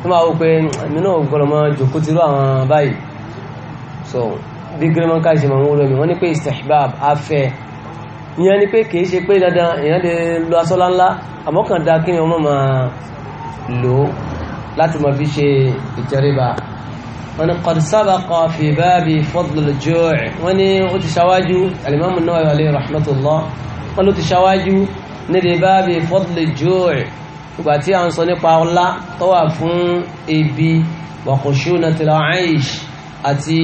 tó máa wó pé èmi náà gbọ́dọ̀ mọ́ jòkó àwọn báyìí so bí gírímọ̀ káì ṣe máa ń istihbab afẹ́ ìyẹn ni pé kìí ṣe pé dandan èèyàn lè lo aṣọ láńlá àmọ́ kàn dá kí láti mọ̀ fi ṣe ìtẹríba wọ́n ní qad sabaqa fi báàbí fadlul ju' wọ́n ní ó ti ṣáwájú alimamu Nawawi alayhi rahmatullah wọ́n ló ti ṣáwájú níbi báàbí fadlul ju' ìgbà tí a ń sọ nípa ọlá tó wà fún ebi wa khushunatil aish àti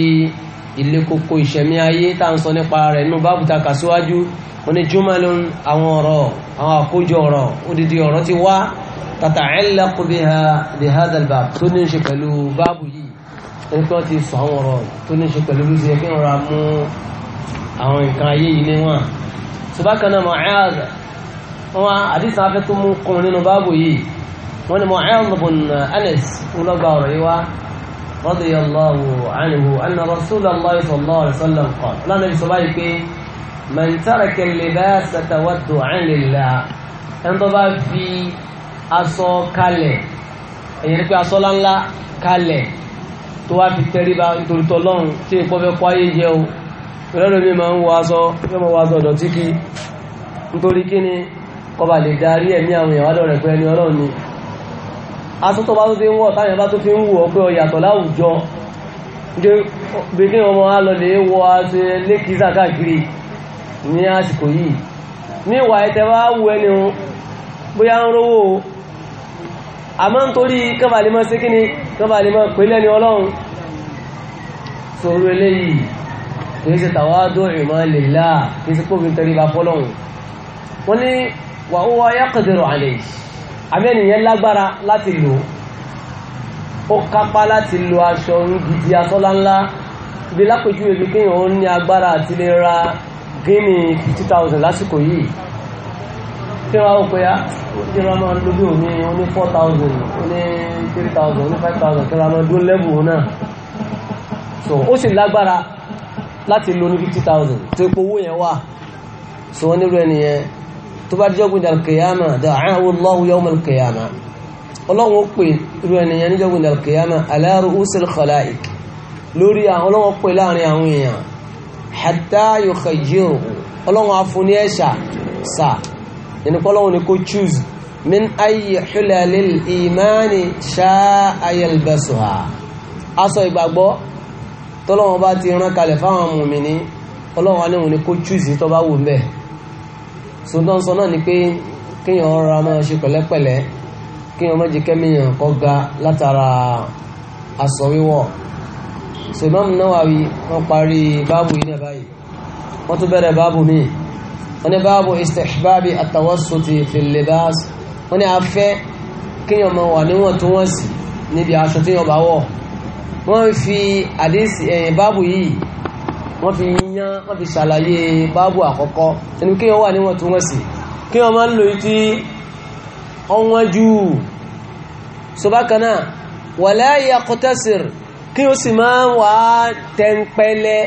ilé kókó ìṣẹ̀mí ayé tá ń sọ nípa rẹ̀ nínú bábùtà kàṣíwájú wọ́n ní jumalun àwọn ọ̀rọ̀ àwọn àkójọ ọ̀rọ̀ odidi ọ̀rọ̀ ti wá تتعلق بها بهذا الباب تنشي كلو بابو يي nípa ti sọ àwọn ọ̀rọ̀ tó ní ṣe pẹ̀lú bí ṣe kí n ra mú àwọn nǹkan ayé yìí ní wọn ṣùgbọ́n náà Mu'adh wọn àdìsàn afẹ́ tó mú kún nínú báàbò yìí wọn ni Mu'adh bin Anas ńlọgba ọ̀rọ̀ yìí wá radiyallahu anhu anna Rasulullahi sallallahu alaihi wasallam qala lánàá ìṣọ́ báyìí pé man taraka al-libasa tawaddu'an lillah ẹni tó bá fi aṣọ kalẹ̀ èyí ni pé aṣọ ńláńlá kalẹ̀ tó wá fi tẹríba nítorí tọlọ́run tí èkó fẹ́ kó ayé jẹ o ìrọ́lẹ̀ mi máa ń wọ aṣọ yóò máa wọ aṣọ ọ̀dọ̀tí kí nítorí kí ni kọba lè darí ẹ̀mí àwọn èèyàn wádọ̀ rẹ̀ pé ẹni ọlọ́run ni aṣọ tó bá tó fi ń wọ̀ táwọn bá tó fi ń wù ọ pé ọ láwùjọ bí kí wọn máa wọ aṣọ lẹ́kìísà káàkiri ní àsìkò yìí ní ìwà ẹ̀tẹ̀ bá wù ẹni bóyá ń rówó àmọ́ nítorí kọ́bàlímọ́ sí kí ni kọ́bàlímọ́ pẹ̀lẹ́ ni ọlọ́run sọ̀rọ̀ eléyìí kìí ṣe tàwádọ́ ìmọ̀ lèlá kìí ṣe kófin tẹ́rí bá fọ́lọ́run wọ́n ní wà ó wá yaqdiru alayhi àmẹ́nìyàn lágbára láti lò ó kápá láti lo aṣọ ń gidi asọ́lá ńlá ibi lápèjúwe bí kéèyàn tí wọ́n wọ́n pé ah, á máa lójú òní oní 4,000 oní 3,000 oní 5,000 tí wọ́n máa dún lẹ́bù náà so ó sì lágbára láti lo ní 50,000 tó ipò owó yẹn wà so wọ́n nílò ẹni yẹn tó bá jọ́gbìn alkiyama da'ahu Allahu yawm alkiyama ọlọ́run ó pè irú ẹni yẹn ní jọ́gbìn alkiyama ala ru'usil khalaik lórí àwọn ọlọ́run pè yẹni kọ́lọ́wọ́ ni kó choose min ayi hulalil imani sha'a yalbasuha aṣọ ìgbàgbọ́ tọ́lọ́wọ́ bá ti rán kalẹ̀ fáwọn mùmìnì ọlọ́wọ́ aníwọ̀n ni kó choose tó bá wù mẹ́ sùdán sọ náà ni pé kíyàn ọ̀rọ̀ máa ṣe pẹ̀lẹ́pẹ̀lẹ́ kíyàn má jẹ́ kẹ́míyàn kọ́ ga látara aṣọ wíwọ̀ so Imam Nawawi wọ́n parí báàbù yìí náà báyìí wọ́n tún bẹ̀rẹ̀ báàbù míì wọ́n ní báàbù istihbabi àtàwọ́sùtì fil-libas wọ́n ní afẹ́ kíyàn mọ́ wà níwọ̀ntúnwọ̀nsì níbi aṣọ tí yàn bá wọ̀ wọ́n fi àdísì ẹ̀yìn eh, báàbù yìí wọ́n fi yán wọ́n fi ṣàlàyé báàbù àkọ́kọ́ ẹni kíyàn wà níwọ̀ntúnwọ̀nsì kíyàn máa ń lò tí ọwọ́n jù so bákaná wala yaqtasir kíyàn sì máa wà tẹ́ńpẹ́lẹ́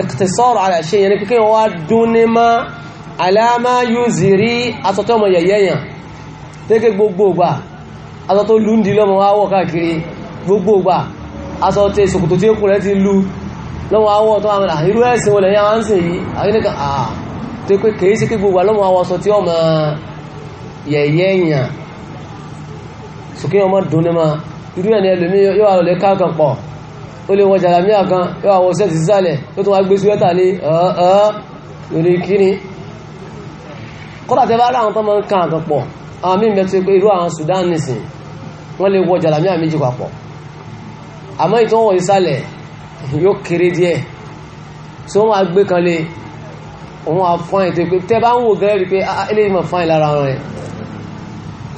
iqtisar ala shay yẹn ni kíkẹ́ wá dún ní má aláàmá yóò zìrí asọ́tọ́ ọmọ yẹ̀yẹ́ yàn tẹ́kẹ́ gbogbo ògbà asọ́ tó lù ń di lọ́mọ wá wọ̀ káàkiri gbogbo ògbà asọ́ tẹ ìsòkòtò tí ó kù rẹ̀ ti lù lọ́wọ́ awọ́ tó àwọn àìrú ẹ̀sìn wọlé yá ń sìn yìí àríníkà àà tó pé kèé sí kí gbogbo lọ́wọ́ awọ́ sọ tí ó mọ yẹ̀yẹ́ èèyàn sókè ọmọ dùn ní ma irú ẹni ẹlòmí yóò wà lọ́lẹ́ káàkàn pọ̀ ó lè wọ jàlámíà kan yóò àwọ sẹ́ẹ̀tì sísàlẹ̀ tó tún wá gbé súwẹ́tà ní ọ̀ọ́ lórí kíní kọ́lá tẹ́ bá láwọn tó máa ń kan àkànpọ̀ àwọn míì mẹ́tí pé irú àwọn Sudan nìsín wọ́n lè wọ jàlámíà méjì papọ̀ àmọ́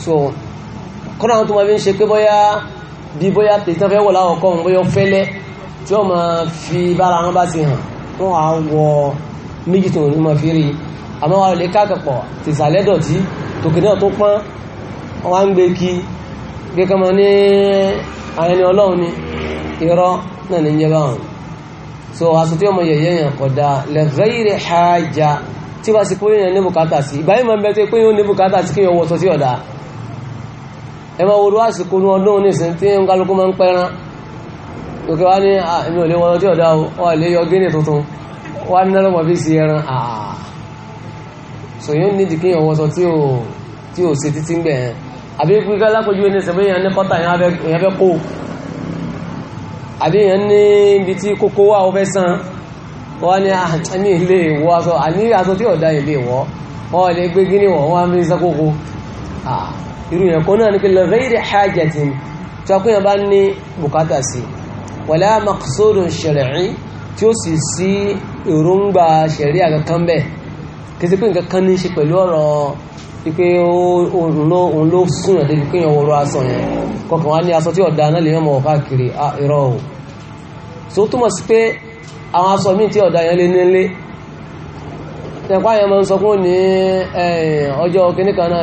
so kọ́lá ah, ah, wọn tó máa bí bóyá tètè fẹ́ wọ̀ láwọ̀ kọ́ wọn bóyá fẹ́lẹ́ tí wọ́n máa fi bára wọn bá ti hàn wọ́n á wọ méjì tó ní máa fi rí àmọ́ wọn lè kákàpọ̀ tìsàlẹ̀ dọ̀tí tòkè náà tó pọ́n wọn á ń gbé kí gbé kọ́mọ ní àwọn ẹni ọlọ́run ni irọ́ náà ní ń jẹ́ báwọn so aṣọ tí ọmọ yẹ̀yẹ́ yẹn kódà li ghairi haja tí wọ́n ti pé yẹn ní sí ìgbà yìí máa ń bẹ tó pé yẹn ní sí kí yẹn wọ́ ẹ máa wòrò àsìkò ní ọdún nísìn tí ń kálukú máa ń pẹ́ran òkè wá ní àmì òlé wọn tí ọ̀dá wà lè yọ gíní tuntun wá ní náà wọ́n sí ẹran àà so yóò nídìí kí èèyàn wọ́sọ tí ò ṣe títí ń gbẹ̀ yẹn àbí pé ká lápòjú ní sẹ́fẹ́ yẹn ní kọ́tà yẹn fẹ́ kó àbí yẹn ní ibi tí kókó wà ó fẹ́ san wọ́n ní àmì ilé ìwọ́ aṣọ àní aṣọ tí ọ̀dá ilé ìwọ́ wọ́n lè gbé gíní wọ̀ wọ́n á fi sẹ́kókó àà ìròyìn kan náà ní pé lọ rẹ́ìrì hajjatin tí a kúnyàn bá ní bùkátà sí wala maqsudun shar'i tí ó sì sí èròǹgbà shar'i àkankan bẹ́ẹ̀ kì í sí pé nǹkan kan ní ṣe pẹ̀lú ọ̀rọ̀ wípé òun ló sùn yàn débi kéèyàn wọrọ aṣọ yẹn kọkàn wá ní aṣọ tí ọ̀dà náà lè yàn mọ̀ káàkiri irọ́ o so túmọ̀ sí pé àwọn aṣọ míì tí ọ̀dà yẹn lé nílé tẹ̀kọ́ àyẹ̀mọ̀ ń sọ pé ní ọjọ́ kìnnìkan náà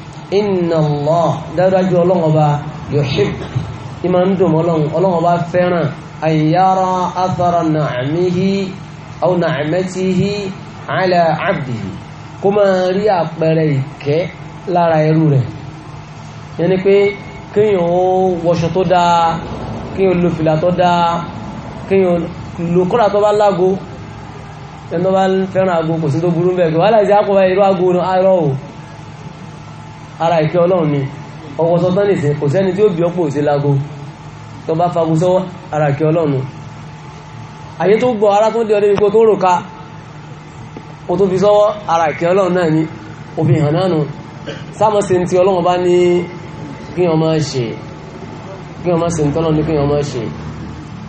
inna Allah dájúdájú ọlọ́ngọba yuhib ní ma ń dùn ọlọ́ngọba fẹ́ràn ayyára athara nàmíhí aw nàmẹ́tíhí ala abdihi kó ma rí àpẹẹrẹ ìkẹ́ lára ẹrú rẹ̀ yẹn ni pé kíyàn ó wọṣọ tó dáa kíyàn lo fìlà tó dáa kíyàn lo kọ́ra tó bá lágo ẹni tó bá fẹ́ràn ago kò sí tó burú bẹ́ẹ̀ kí wàhálà ìjà kọ́ bá irú ago náà irọ́ o ara ìkẹ́ ọlọ́run ni ọwọ́ sọtán nìsí kò sẹ́ni tí ó bí ọ̀pọ̀ òsè lago tó bá fagun sọ́wọ́ ara ìkẹ́ ọlọ́run ayé tó gbọ́ ara tó dé ọdẹ wípé tó rò ká o tó fi sọ́wọ́ ara ìkẹ́ ọlọ́run náà ni òfin hàn náà nù sáàmọ́ sí ti ọlọ́run bá ní kí ọmọ ṣe kí ọmọ sí ti ọlọ́run ní kí ọmọ ṣe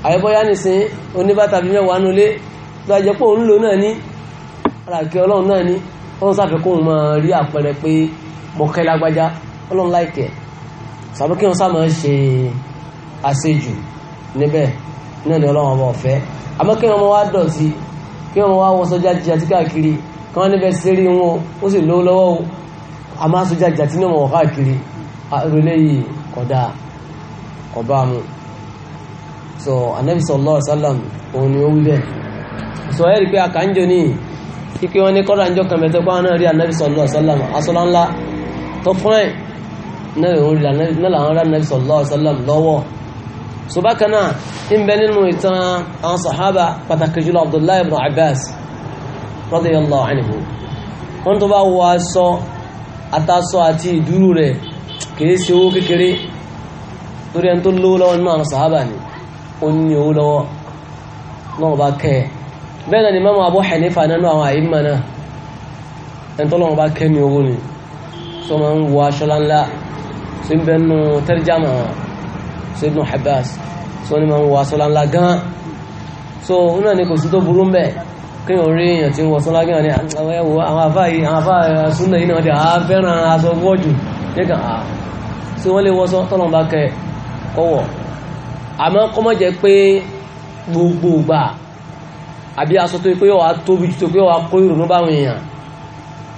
àyẹ́bọ́yá nìsín oníbàtà bí mẹ́wàá nulé tó ajẹ́ pé òun lò náà ní ara ìkẹ́ ọlọ́run náà ni wọ́n sáfẹ́ kóhun máa rí àpẹẹrẹ pé mọ̀kẹ́ lágbájá ọlọ́run láìkẹ́ sàbí kí wọ́n sá máa ṣe àṣejù níbẹ̀ náà ni ọlọ́run ọba ọ̀fẹ́ àmọ́ kí wọ́n mọ wá dọ̀tí kí wọ́n mọ wá wọ sọ́jà jíjà tí káàkiri kí wọ́n níbẹ̀ sẹ́rí wọn ó sì lówó lọ́wọ́ o àmọ́ sọ́jà jíjà tí náà mọ̀ káàkiri àrùlé yìí kọ̀dá kọ̀bá mu so anabi sallallahu alaihi wasallam òun ni ó wí bẹ́ẹ̀ so ẹ̀rí pé àkànjọ ní kíkẹ́ wọn ní kọ́ra ń jọ kàn mẹ́tọ́ pé wọn náà rí anabi sallallahu alaihi wasallam asọ́lá ńlá tó fún ẹ̀ náà òun rí náà làwọn rán nàbí sallallahu alaihi wasallam lọ́wọ́ so bákan nínú ìtàn àwọn sàhábà pàtàkì jùlọ abdullahi ibn abbas radiyallahu anhu wọ́n tó bá wọ aṣọ atasọ àti ìdúró rẹ̀ kìí ṣe owó kékeré torí ẹni tó lówó lọ́wọ́ nínú àwọn sàhábà ni ó ní owó lọ́wọ́ náà bá kẹ́ ẹ̀ náà ni Imam Abu Hanifa nínú àwọn àyíkmà náà ẹni tó lọ́wọ́ bá kẹ́ ní owó ni tó máa ń wọ aṣọ láńlá tó ń bẹ nù tẹ́rìjàmà tó ibn Abbas tó ní máa ń wọ aṣọ láńlá gan so òun náà ni kò sí tó burú mbẹ kí wọn rí èèyàn tí ń ah, ah. wọ aṣọ láńlá ní àwọn ẹwọ àwọn afá yìí àwọn afá súnà yìí náà dẹ àfẹ́ràn aṣọ wọ́ọ̀jù nígbà tí wọ́n lè wọ́sọ tọ́lọ̀ bá kẹ kọ́wọ̀ àmọ́ kọ́ mọ́ jẹ́ pé gbogbo gbà àbí aṣọ tó yẹ pé yọ wá tóbi jù tó pé yọ wá kó ìrònú báwọn èèyàn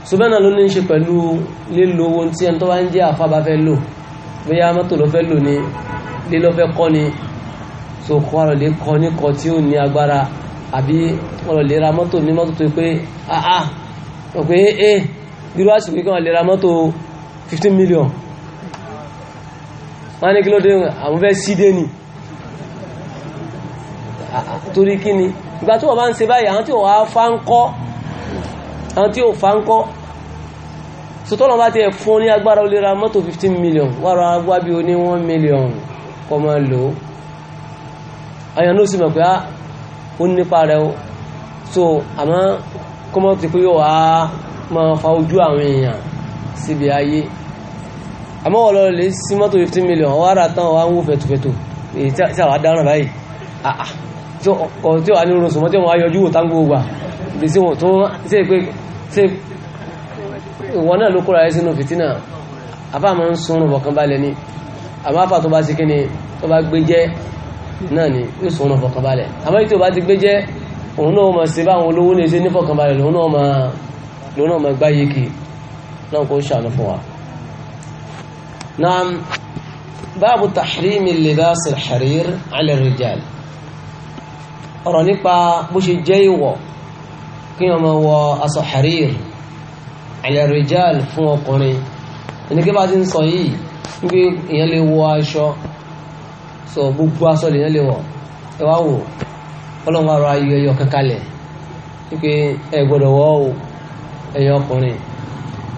ṣùgbọ́n ló ní ṣe pẹ̀lú lílo ohun tí ẹni tó wá ń jẹ́ àfábá fẹ́ lò bóyá mọ́tò ló fẹ́ lò ní lílọ́ fẹ́ kọ́ ni so kọ́ àrọ̀ lè kọ́ ní kọ́ tí ó ní agbára àbí ọ̀rọ̀ ra mọ́tò ní mọ́tò tó pé àá ọ̀pẹ́ ee irú àsìkò kí wọ́n lè ra mọ́tò 15 million wọ́n ní kí ló dé àwọn fẹ́ sí dé ni ah, ah, torí kí ni ìgbà tí wọ́n bá ń ṣe báyìí àwọn tí wọ́n á fa ń kọ́ àwọn tí ó fa ń kọ́ sọtọ́lọ́ bá ti ẹ̀ fún ní agbára ó lè mọ́tò fifteen million wàrà wá bí o ní one million kọ́ máa lò ó àyàn náà sì mọ̀ pé á ah, ó nípa rẹ̀ ó so àmọ́ kọ́mọ́ ti pé yóò wá máa fa ojú àwọn èèyàn síbi ayé àmọ́ wọ́n lọ lè sí mọ́tò fifteen million wọ́n ara tán wọ́n á ń wò fẹ̀tùfẹ̀tù èyí tí àwọn adaràn báyìí àà tí wọ́n á ní oorun sùn mọ́ tí wọ́n á yọjú wò táǹgbò gbà ìdí ṣe ìwọ náà ló kóra ẹ sínú fìtínà àbá máa ń sunrun bọ̀kan balẹ̀ ni àmọ́ àfà tó bá ṣe kí ni tó bá gbé jẹ́ náà ni yóò sunrun bọ̀kan balẹ̀ àmọ́ ètò bá ti gbé jẹ́ òun náà máa ṣe báwọn olówó lè ṣe nífọ̀kan balẹ̀ lòun náà máa lòun náà máa gbáyé kì náà kò ṣàánú fún wa. Naam báàbù tahrimi libas al-harir ala ar-rijal ọ̀rọ̀ nípa bó ṣe jẹ́ ìwọ̀ kí wọ́n máa wọ aṣọ harir alẹ́rìjáàlì fún ọkùnrin ẹni kí bá ti ń sọ yìí wípé èèyàn lè wọ aṣọ sọ gbogbo aṣọ lèèyàn lè wọ ẹ wá wò ọlọ́run wá ra ayọ ẹyọ kankalẹ̀ wípé ẹ gbọ́dọ̀ wọ ẹyọ ọkùnrin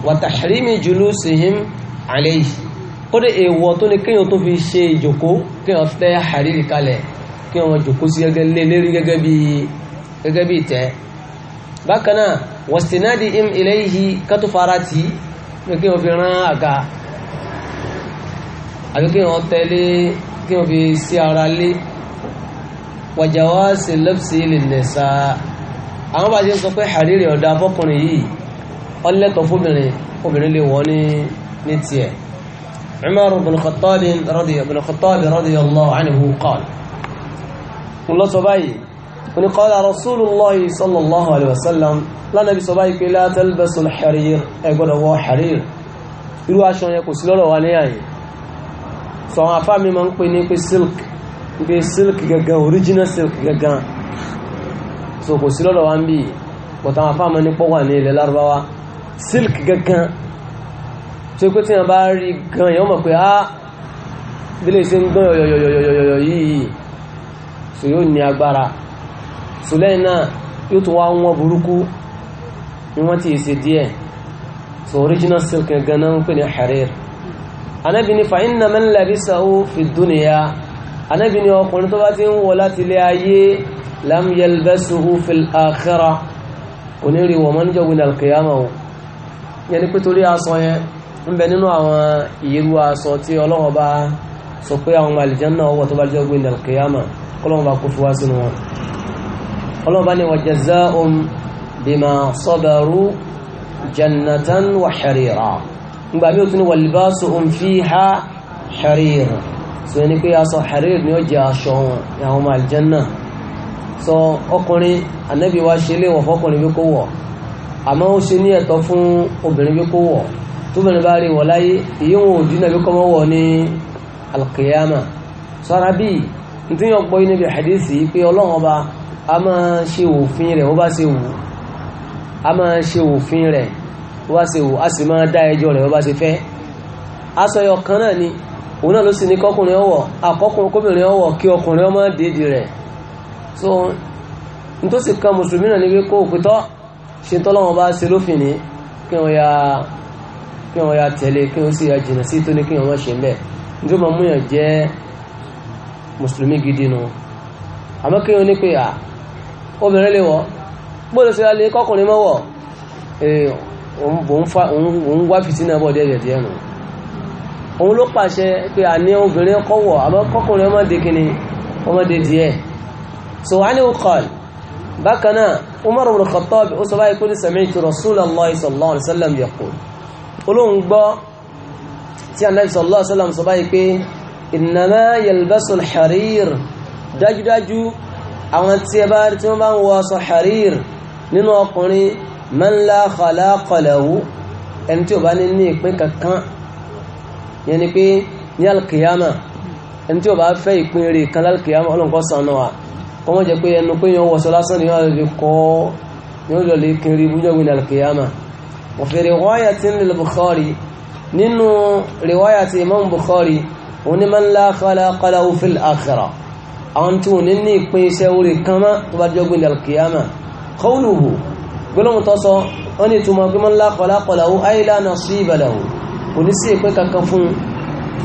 wa tahrimi julusihim alayhi ó dé èèwọ̀ tó ní kéèyàn tó fi ṣe ìjòkó kéèyàn fẹ́ harir kalẹ̀ kéèyàn jòkó sí gẹ́gẹ́ lérí gẹ́gẹ́ bí gẹ́gẹ́ bí ìtẹ́ bákan náà wàsínáàdì im ilayhi kátó fara tí kí wọ́n fi rán àga àbí kí wọ́n tẹ́lé kí wọ́n fi sí ara lé wàjàwá sí lẹ́psì lè nẹ̀sà àwọn bá jẹ́ sọ pé hariri ọ̀dà fọ́kùnrin yìí ọlẹ́tọ̀ fóbìnrin obìnrin lè wọ́n ní tiẹ̀ Umar ibn radiyallahu anhu qala lọ́sọ báyìí وني قال رسول الله صلى الله عليه وسلم لا نبي صبايك لا تلبس الحرير اقول هو حرير irú aṣọ yẹn kò sí lọ́rọ̀ wa ní àyè sọ àwọn afá mi máa ń pè ní silk pé silk gangan original silk gangan so kò sí lọ́rọ̀ wa ń bí pọ̀tà àwọn afá mi ní pọ́wà ní ilẹ̀ lárúbáwá silk gangan tó pé tí wọ́n bá rí gan yẹn wọ́n mọ̀ pé á bílẹ̀ ṣe ń gbọ́n yọ̀yọ̀yọ̀yọ̀yọ̀ yìí so yóò ní agbára sùlẹ́yìn náà yóò tún wá wọ́n burúkú ni wọ́n ti ṣe díẹ̀ so original silk ganan ń pè ní harir anábì ní fa inna man labisahu fi dunya anábì ní ọkùnrin tó bá ti ń wọ láti ilé ayé lam yalbasuhu fil akhirah kò ní rí wọ́n mọ́ níjọ́ wíńdà ọlọ́ba ni wa jazahum bima sabaru jannatan wa harira nígbà mí o tún ni wa libasuhum fiha harir so ẹni pé aṣọ harir ni ó jẹ aṣọ wọn àwọn ọmọ aljanna so ọkùnrin anabi wa ṣe léwọ̀ fọkùnrin bí kò wọ̀ àmọ́ ó ṣe ní ẹ̀tọ́ fún obìnrin bí kò wọ̀ tóbìnrin bá rí wọ̀ láyé èyí wọn ò dínà bí kọ́mọ́ wọ̀ ní alkiyama sọ́ra bíi nítorí ọgbọ́ yìí níbi hadisi pé ọlọ́run ọba a máa ṣe òfin rẹ̀ wọ́n bá ṣe wù a máa ṣe òfin rẹ̀ wọ́n bá ṣe wù a sì máa dá ẹjọ́ rẹ̀ wọ́n bá ṣe fẹ́ aṣọ ẹyọ kan náà ni òun náà ló sì ní kọkùnrin ọwọ́ àkọkùnrin kóbìnrin ọwọ́ kí ọkùnrin ọmọ dèédì rẹ̀ so n tó sì kan mùsùlùmí náà ní wí kó òpìtọ́ ṣe tọ́lọ́wọ́n bá ṣe lófin ní kí wọ́n ya kí wọ́n ya tẹ̀lé kí wọ́n sì ya jìnà sí tó ní kí wọ́n ṣe mẹ́ ní tó máa múyàn jẹ́ mùsùlùmí gidi nu àmọ́ kí wọ́n ní pé à obìnrin lè wọ̀ bóòlù sí alẹ́ kọkùnrin mọ́wọ̀ òun wá fìtínà bọ̀ díẹ̀ díẹ̀ nù òun ló pàṣẹ pé a ní obìnrin kọwọ̀ àmọ́ kọkùnrin ọmọdé kìíní ọmọdé díẹ̀ so a ní ọkọ̀l bákan náà Umar ibn Khattab ó sọ báyìí pé ní sami'tu Rasulullahi sallallahu alaihi wasallam yaqul olóhùn gbọ́ tí Ànábì sallallahu alaihi wasallam sọ báyìí pé innama yalbasul harir dájúdájú àwọn tí ẹ bá rí tí wọ́n bá ń wọ aṣọ harir nínú ọkùnrin man la khalaqa lahu ẹni tí ò bá ní ní ìpín kankan yẹn ni pé ní alkiyama ẹni tí ò bá fẹ́ ìpín rè kan lálkiyama ọlọ́nkọ́ sànù wa kọ́ mọ́ jẹ́ pé ẹnu pé yẹn wọṣọ lásán ni wọ́n lè kọ́ yóò lọ lè kiri bújọ́gbìn alkiyama òfin riwayatin lil Bukhari nínú riwayati imam Bukhari òní man la khalaqa lahu àwọn tí wọ́n ní ní ìpín iṣẹ́ orí kan mọ́ tó bá jọ́gbìn dalkiyama kọ́ùlùhù gbọ́lọ́mù tó sọ wọ́n ni túnmọ̀ gbọ́mọ́ ńlá kọlákọláwó àìlá nasiba lahu kò ní sí ìpín kankan fún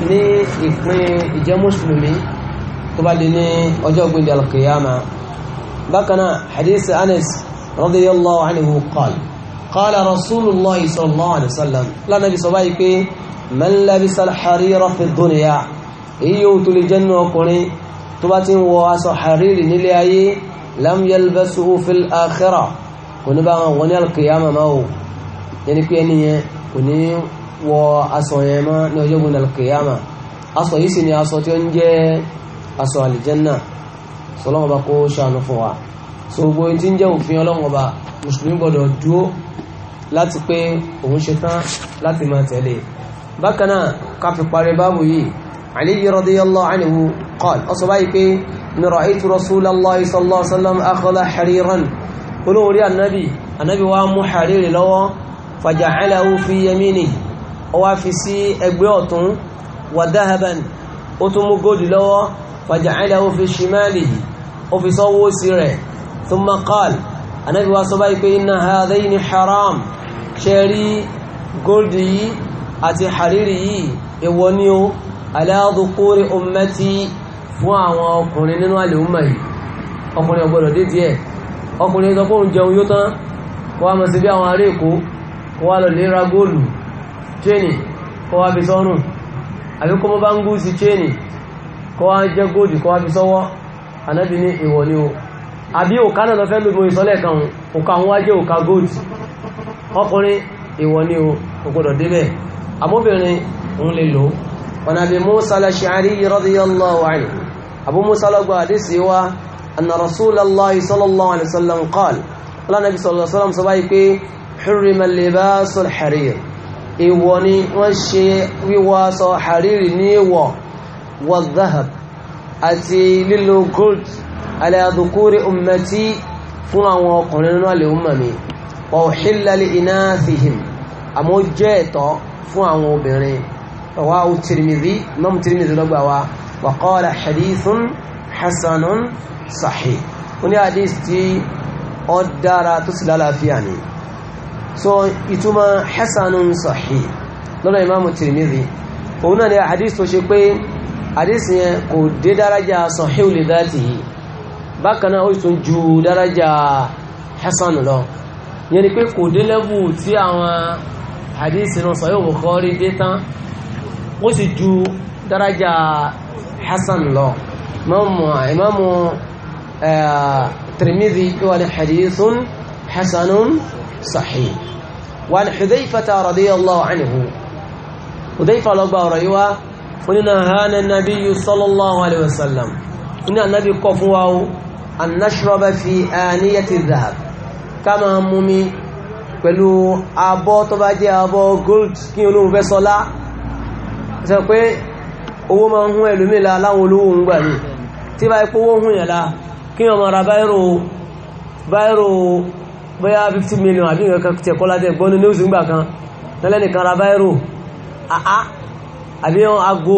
ní ìpín ìjẹ́ mùsùlùmí tó bá di ní ọjọ́gbìn dalkiyama bákanáà hadith anas radiyallahu anhu qala qala rasulullah sallallahu alaihi wasallam lánàbí sọ báyìí pé man tó bá ti ń wọ aṣọ hariri nílé ayé lam yalbasuhu fil akhirah kò ní bá wọn wọ ní alkiyama máa wò yẹni pé ẹni yẹn kò ní wọ aṣọ yẹn mọ́ ní ọjọ́ gbọ́n alkiyama aṣọ yìí sì ni aṣọ tí ó ń jẹ́ aṣọ alìjẹ́nà sọlọ́wọ́n bá kó ṣàánú fún wa so gbogbo tí ń jẹ́ òfin ọlọ́wọ́n bá mùsùlùmí gbọ́dọ̀ dúó láti pé òun ṣetán láti máa tẹ̀lé bákan náà ká fi parí báàbù yìí علي رضي الله عنه قال أصبعك إن رأيت رسول الله صلى الله عليه وسلم أخلى حريرا قلوا لي النبي النبي هو محرير لو فجعله في يمينه وفي أبيوت وذهبا وتمقود لو فجعله في شماله وفي صوو سره ثم قال النبي وصبعك إن هذين حرام شري قلدي أتي حريري يونيو aláàdùkúrí ọmọtí fún àwọn ọkùnrin nínú àlèúmọ̀ yìí ọkùnrin ọgbọ́dọ̀ dédí ẹ̀ ọkùnrin sọ jẹun yóò tán kó wá mọ̀ sí bí àwọn ará èkó kó wá lọ lè ra góòlù chéènì kó wá fi sọ́rùn àbí kó mọ́ bá ń gú sí chéènì kó wá jẹ́ góòlù kó wá fi sọ́wọ́ ní ìwọ̀ ni o àbí òká náà lọ fẹ́ kan góòlù ọkùnrin ìwọ̀ ni wọn àbí musa al-ash'ari radiyallahu anhu abu musa lọ́gbà àdísì wa anna rasulallah sallallahu alaihi wasallam qal alánàbí sallallahu alaihi wasallam sọ báyìí pé hurrima libasul harir ìwọ ni wọ́n ṣe wíwọ aṣọ hariri ní ìwọ رواه الترمذي امام الترمذي لغوا وقال حديث حسن صحيح وني حديث تي ادارا تسلالا فياني سو so, ituma حسن صحيح لولا امام الترمذي òun ni àdíṣ tó ṣe pé àdíṣ yẹn kò dé dárájá sọ̀híù lè dáàtì yìí bákan náà ó tún ju dárájá hasan lọ yẹn ni pé kò dé lẹ́bù tí àwọn àdíṣ náà sọ̀híù Bukhari dé tán wọ́n sì ju daraja hasan lọ imamu tirmidhi wal hadithun hasanun sahih وعن حذيفة رضي الله عنه حذيفة لقبا رأيوا قلنا هان النبي صلى الله عليه وسلم إن النبي قفوا أن نشرب في آنية الذهب كما همومي pẹ̀lú abọ́ tó bá jẹ́ abọ́ gold kí olóhùn fẹ́ sọlá ṣe pé owó ma ń hún ẹlòmí la láwọn olówó ń gbà ní tí bá ipò owó hún yẹn la kí wọ́n máa ra báírò báírò bóyá 50 million àbí nǹkan kan tẹ̀kọ́ láti ẹ̀gbọ́n ní news ńgbà kan lẹ́lẹ́nìkan ra báírò àá àbí wọn ago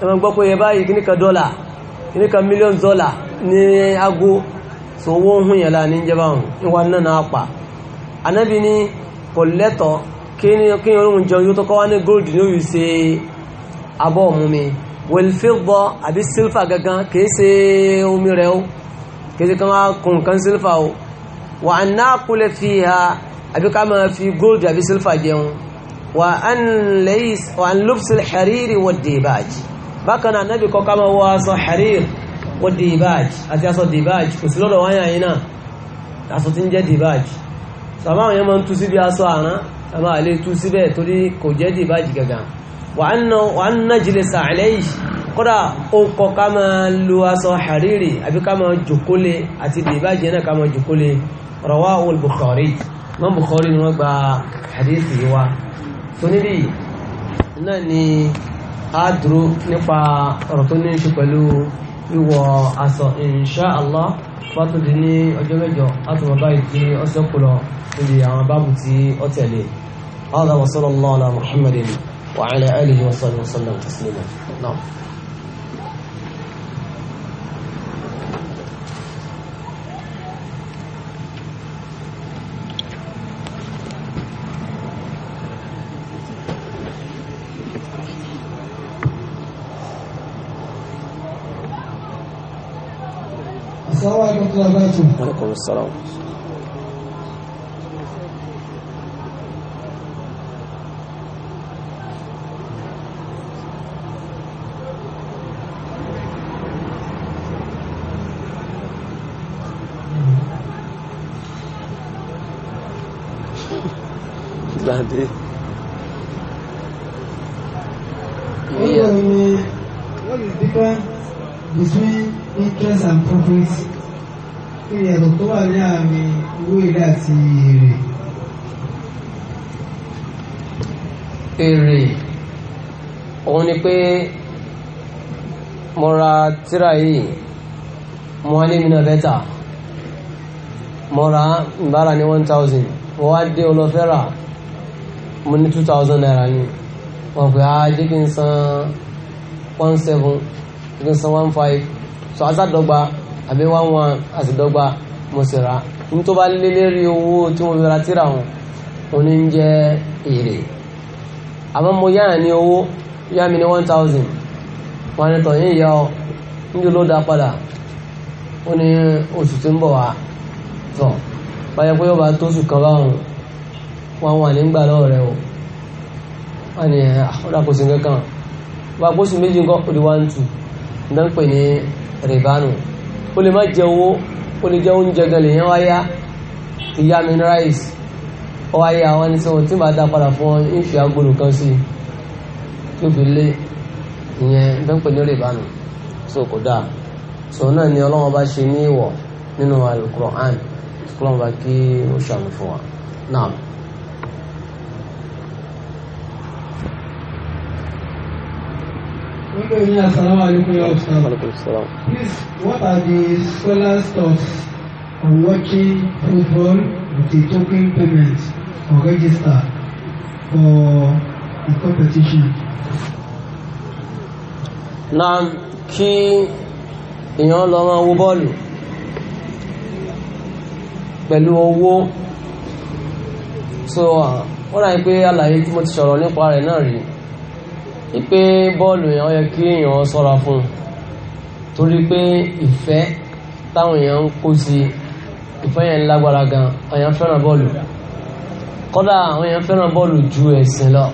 ẹmọ gbọ́ pé ẹbá yìí kíníkan so kí ni jẹun yóò tó kọ́ wá ní gold ní òyìí abọ́ ọ̀mú mi wẹ̀lfẹ́gbọ́ àbí sílfà gangan kìí ṣe omi rẹ̀ o kìí ṣe kan wá kun nǹkan sílfà o wà á náà kúlẹ̀ fi ha àbí ká máa fi gold àbí sílfà jẹun wà á ń lùpsìl xẹ̀rìrì wà dìbàjì bákan náà nábì kọ́ ká máa wọ aṣọ xẹ̀rìrì wà dìbàjì àti aṣọ dìbàjì kò sí lọ́dọ̀ wáyà yìí náà aṣọ tí ń jẹ́ dìbàjì sàmáwọn yẹn máa ń tú síbi aṣọ àrán àmà àlè tú síbẹ̀ torí kò jẹ́ dìbàjì gangan wà ń nájìlẹ̀ sàálẹ̀ yìí kódà ó kọ ká máa lo aṣọ hariri àbí ká máa jòkólé àti dèbàjẹ́ náà ká máa jòkólé rawahu al-Bukhari Imam Bukhari ni wọ́n gba hadithi yìí wá tó níbi náà ni a dúró nípa ọ̀rọ̀ tó ní ṣe pẹ̀lú wíwọ aṣọ insha Allah fọ́tò ní ọjọ́ mẹ́jọ látọ̀mọ̀ báyìí tí ó sẹ́kù lọ níbi àwọn báàbù tí ó tẹ̀lé هذا وصلى الله على محمد وعلى آله وصحبه وسلم تسليما نعم السلام عليكم ورحمة الله وبركاته. وعليكم السلام. gbàgbé. is the between interest and profit? Kí ni ẹ̀rọ tó wà ní àmì owó èlé àti èrè? Èrè òun ni pé mo ra tíra yìí mo wá ní mi bẹ́tà mo ra ń ní one thousand mo wá dé olófẹ́rà mo two thousand naira ni wọ́n pè á ah, jẹ́ kí n san one seven jẹ́ kí n san one five so asadọgba abe one one asidọgba mo sì ra ní tó bá lé lérí owó tí mo fi ra tíra wọn òní ń jẹ́ èrè àmọ́ mo yára ní owó yá mi ní one thousand wọn ni tọ̀yìn ìyá ọ níbi ló dá padà ó ní oṣù tí ń bọ̀ wá tọ̀ báyọ̀ pé yóò bá tó oṣù kan báwọn wọn wà nígbà lọ́wọ́ rẹ o wọn ni ọ̀dà ah, kò sí kankan wọn àpòsù méjì nǹkan ó di one two ní pè ní rìbánu ó lè má jẹ owó ó lè jẹ oúnjẹ gan lè yẹn wá yá ìyá mi ní ráìsì ó wá yá wọn ní sẹ́wọ̀n tí màá dá padà fún ọ ní fi agolo kan sí i tó fi lé ìyẹn ní pè ní rìbánu so kò dáa so náà ni ọlọ́wọ́n bá ṣe ní ìwọ̀ nínú alukur'an kúlọ̀ bá kí ó ṣàmì fún wa náà. Assalamu Please, what are the scholars' thoughts watching football with a payment or register for a competition? Náà kí èèyàn lọ máa wo bọ́ọ̀lù pẹ̀lú owó so wọ́n ah, ráyí pé àlàyé tí mo ti sọ̀rọ̀ nípa rẹ̀ náà rí. bọọlụ bọ́ọ̀lù ọ yẹ kí èèyàn sọ́ra fún torí pé ìfẹ́ táwọn èèyàn ń kó sí ìfẹ́ yẹn lágbára gan èèyàn fẹ́ràn bọ́ọ̀lù kódà àwọn èèyàn fẹ́ràn bọ́ọ̀lù ju ẹ̀sìn lọ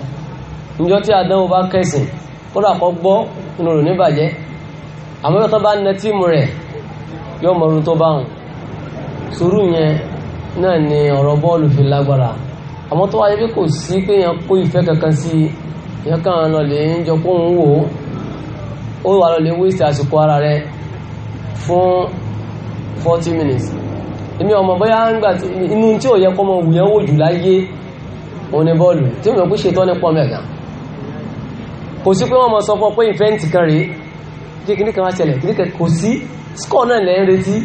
níjọ́ tí àdánwò bá kẹsìn kódà kọ́ gbọ́ inú rò níbàjẹ́ àmọ́ tó bá nẹ tíìmù rẹ̀ mọ̀rún tó bá hùn sùúrù yẹn náà ni fi lágbára àmọ́ tó wáyé kò sí pé èèyàn kàn lọ lè ń jọ kó ń wò ó wà lọ lè wíṣẹ àsìkò ara rẹ fún forty minutes èmi ọmọ bóyá ńgbà inú tí ò yẹ kọ́ mọ wùyẹn wò jù láyé òun bọ́ọ̀lù tí mo kú ṣetán ní pọ́ mẹ́ga kò sí pé wọ́n mọ sọ fún ọ pé ìfẹ́ǹtì kan rèé kí kíní kan wá ṣẹlẹ̀ kíní kan kò sí skọ́ náà lẹ́ ń retí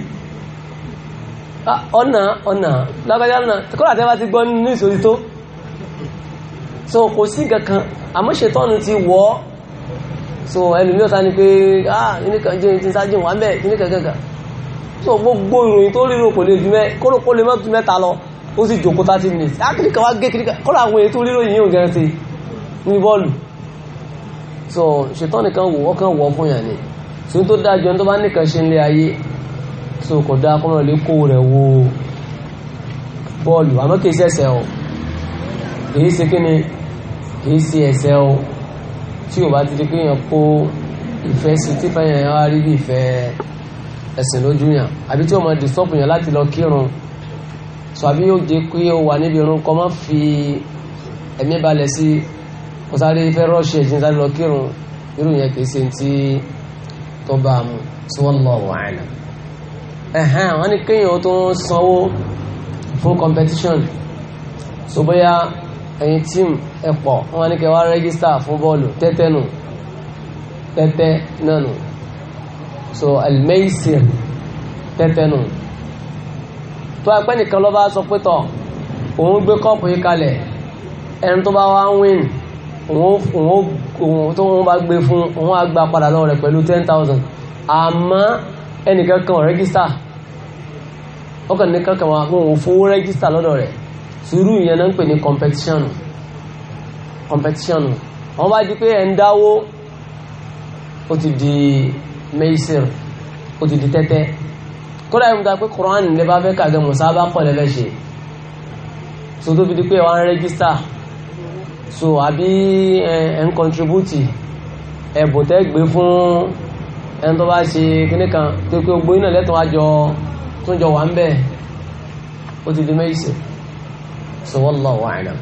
ah, ọ̀nà ọ̀nà lágbájá náà kọ́lá tẹ́ bá ti gbọ́ nínú ìsòrí tó so kò sí kankan àmọ́ ṣètọ́nù ti wọ́ so ẹlòmí ọ̀tá ni pé ah nìkan jẹ́ ti sáájú wà mẹ́ nìkan kankan so gbogbo ìròyìn tó ríro kò lè ju mẹ́ kóró kó lè mọ́tò mẹ́ta lọ ó sì jòkó thirty minutes akíní ah, kan wá gé kíní kan kọ́ra àwọn èyí tó ríro yìí ò gẹ́rẹ́ sí ní bọ́ọ̀lù so ṣètọ́nù kan wò ó wọ́ fún yàn ni so tó dájú ẹni tó bá nìkan ṣe nílé ayé so kò dáa kọ́mọ̀ lè kó rẹ̀ wo bọ́ọ̀lù àmọ́ kì í ṣẹ̀ṣẹ̀ o kì ṣe kí ni kìí ṣe ẹ̀ṣẹ̀ o tí o bá ti di pé èèyàn kó ìfẹ́ sí tí fẹ́ yẹn wá rí bí ìfẹ́ ẹ̀sìn lójú yàn àbí tí o máa dìsọ́pù yàn láti lọ kírun sọ àbí yóò jẹ́ pé o wà níbi irun kọ́ máa fi ẹ̀mí balẹ̀ sí kó sáré fẹ́ rọ́ọ̀ṣì ẹ̀jìn sáré lọ kírun irú yẹn kìí ṣe ti tó bá a mú tí wọ́n lọ wà á nà ẹ̀hán wọ́n ní kéèyàn tó ń sanwó fún competition so bóyá ẹ̀yin tíìmù ẹ̀pọ̀ wọn ní kẹ́ wá rẹ́gísítà fún bọ́ọ̀lù tẹ́tẹ́ nù tẹ́tẹ́ náà nù so almeisir tẹ́tẹ́ nù tó apẹ́ nìkan lọ́ba sọ pé tọ̀ òun gbé kọ́ọ̀pù yìí kalẹ̀ ẹni tó bá wá ń win òun tó wọn bá gbé fún òun á gba padà lọ́wọ́ rẹ̀ pẹ̀lú ten thousand àmọ́ ẹnìkan kan rẹ́gísítà ọkàn nìkan kan wà fún òun fowó rẹ́gísítà lọ́dọ̀ rẹ̀ sùúrù ìyẹn náà ń pè ní competition competition wọ́n bá di pé ẹ̀ ń dáwó ó ti di meisir ó ti di tẹ́tẹ́ kódà yìí mo ga pé Quran lè bá fẹ́ kàgẹ́ musaba kọ́ lẹ́fẹ́ ṣe so tó fi di pé wọ́n á rẹ́gísítà so àbí ẹ̀ ń contribute ẹ̀bùn tẹ́ gbé fún ẹni tó bá ṣe kíní kan tó pé gbóyún náà lẹ́tọ̀ọ́ àjọ tó ń jọ wà ń bẹ̀ ó ti di meisir so wallahu a'lam.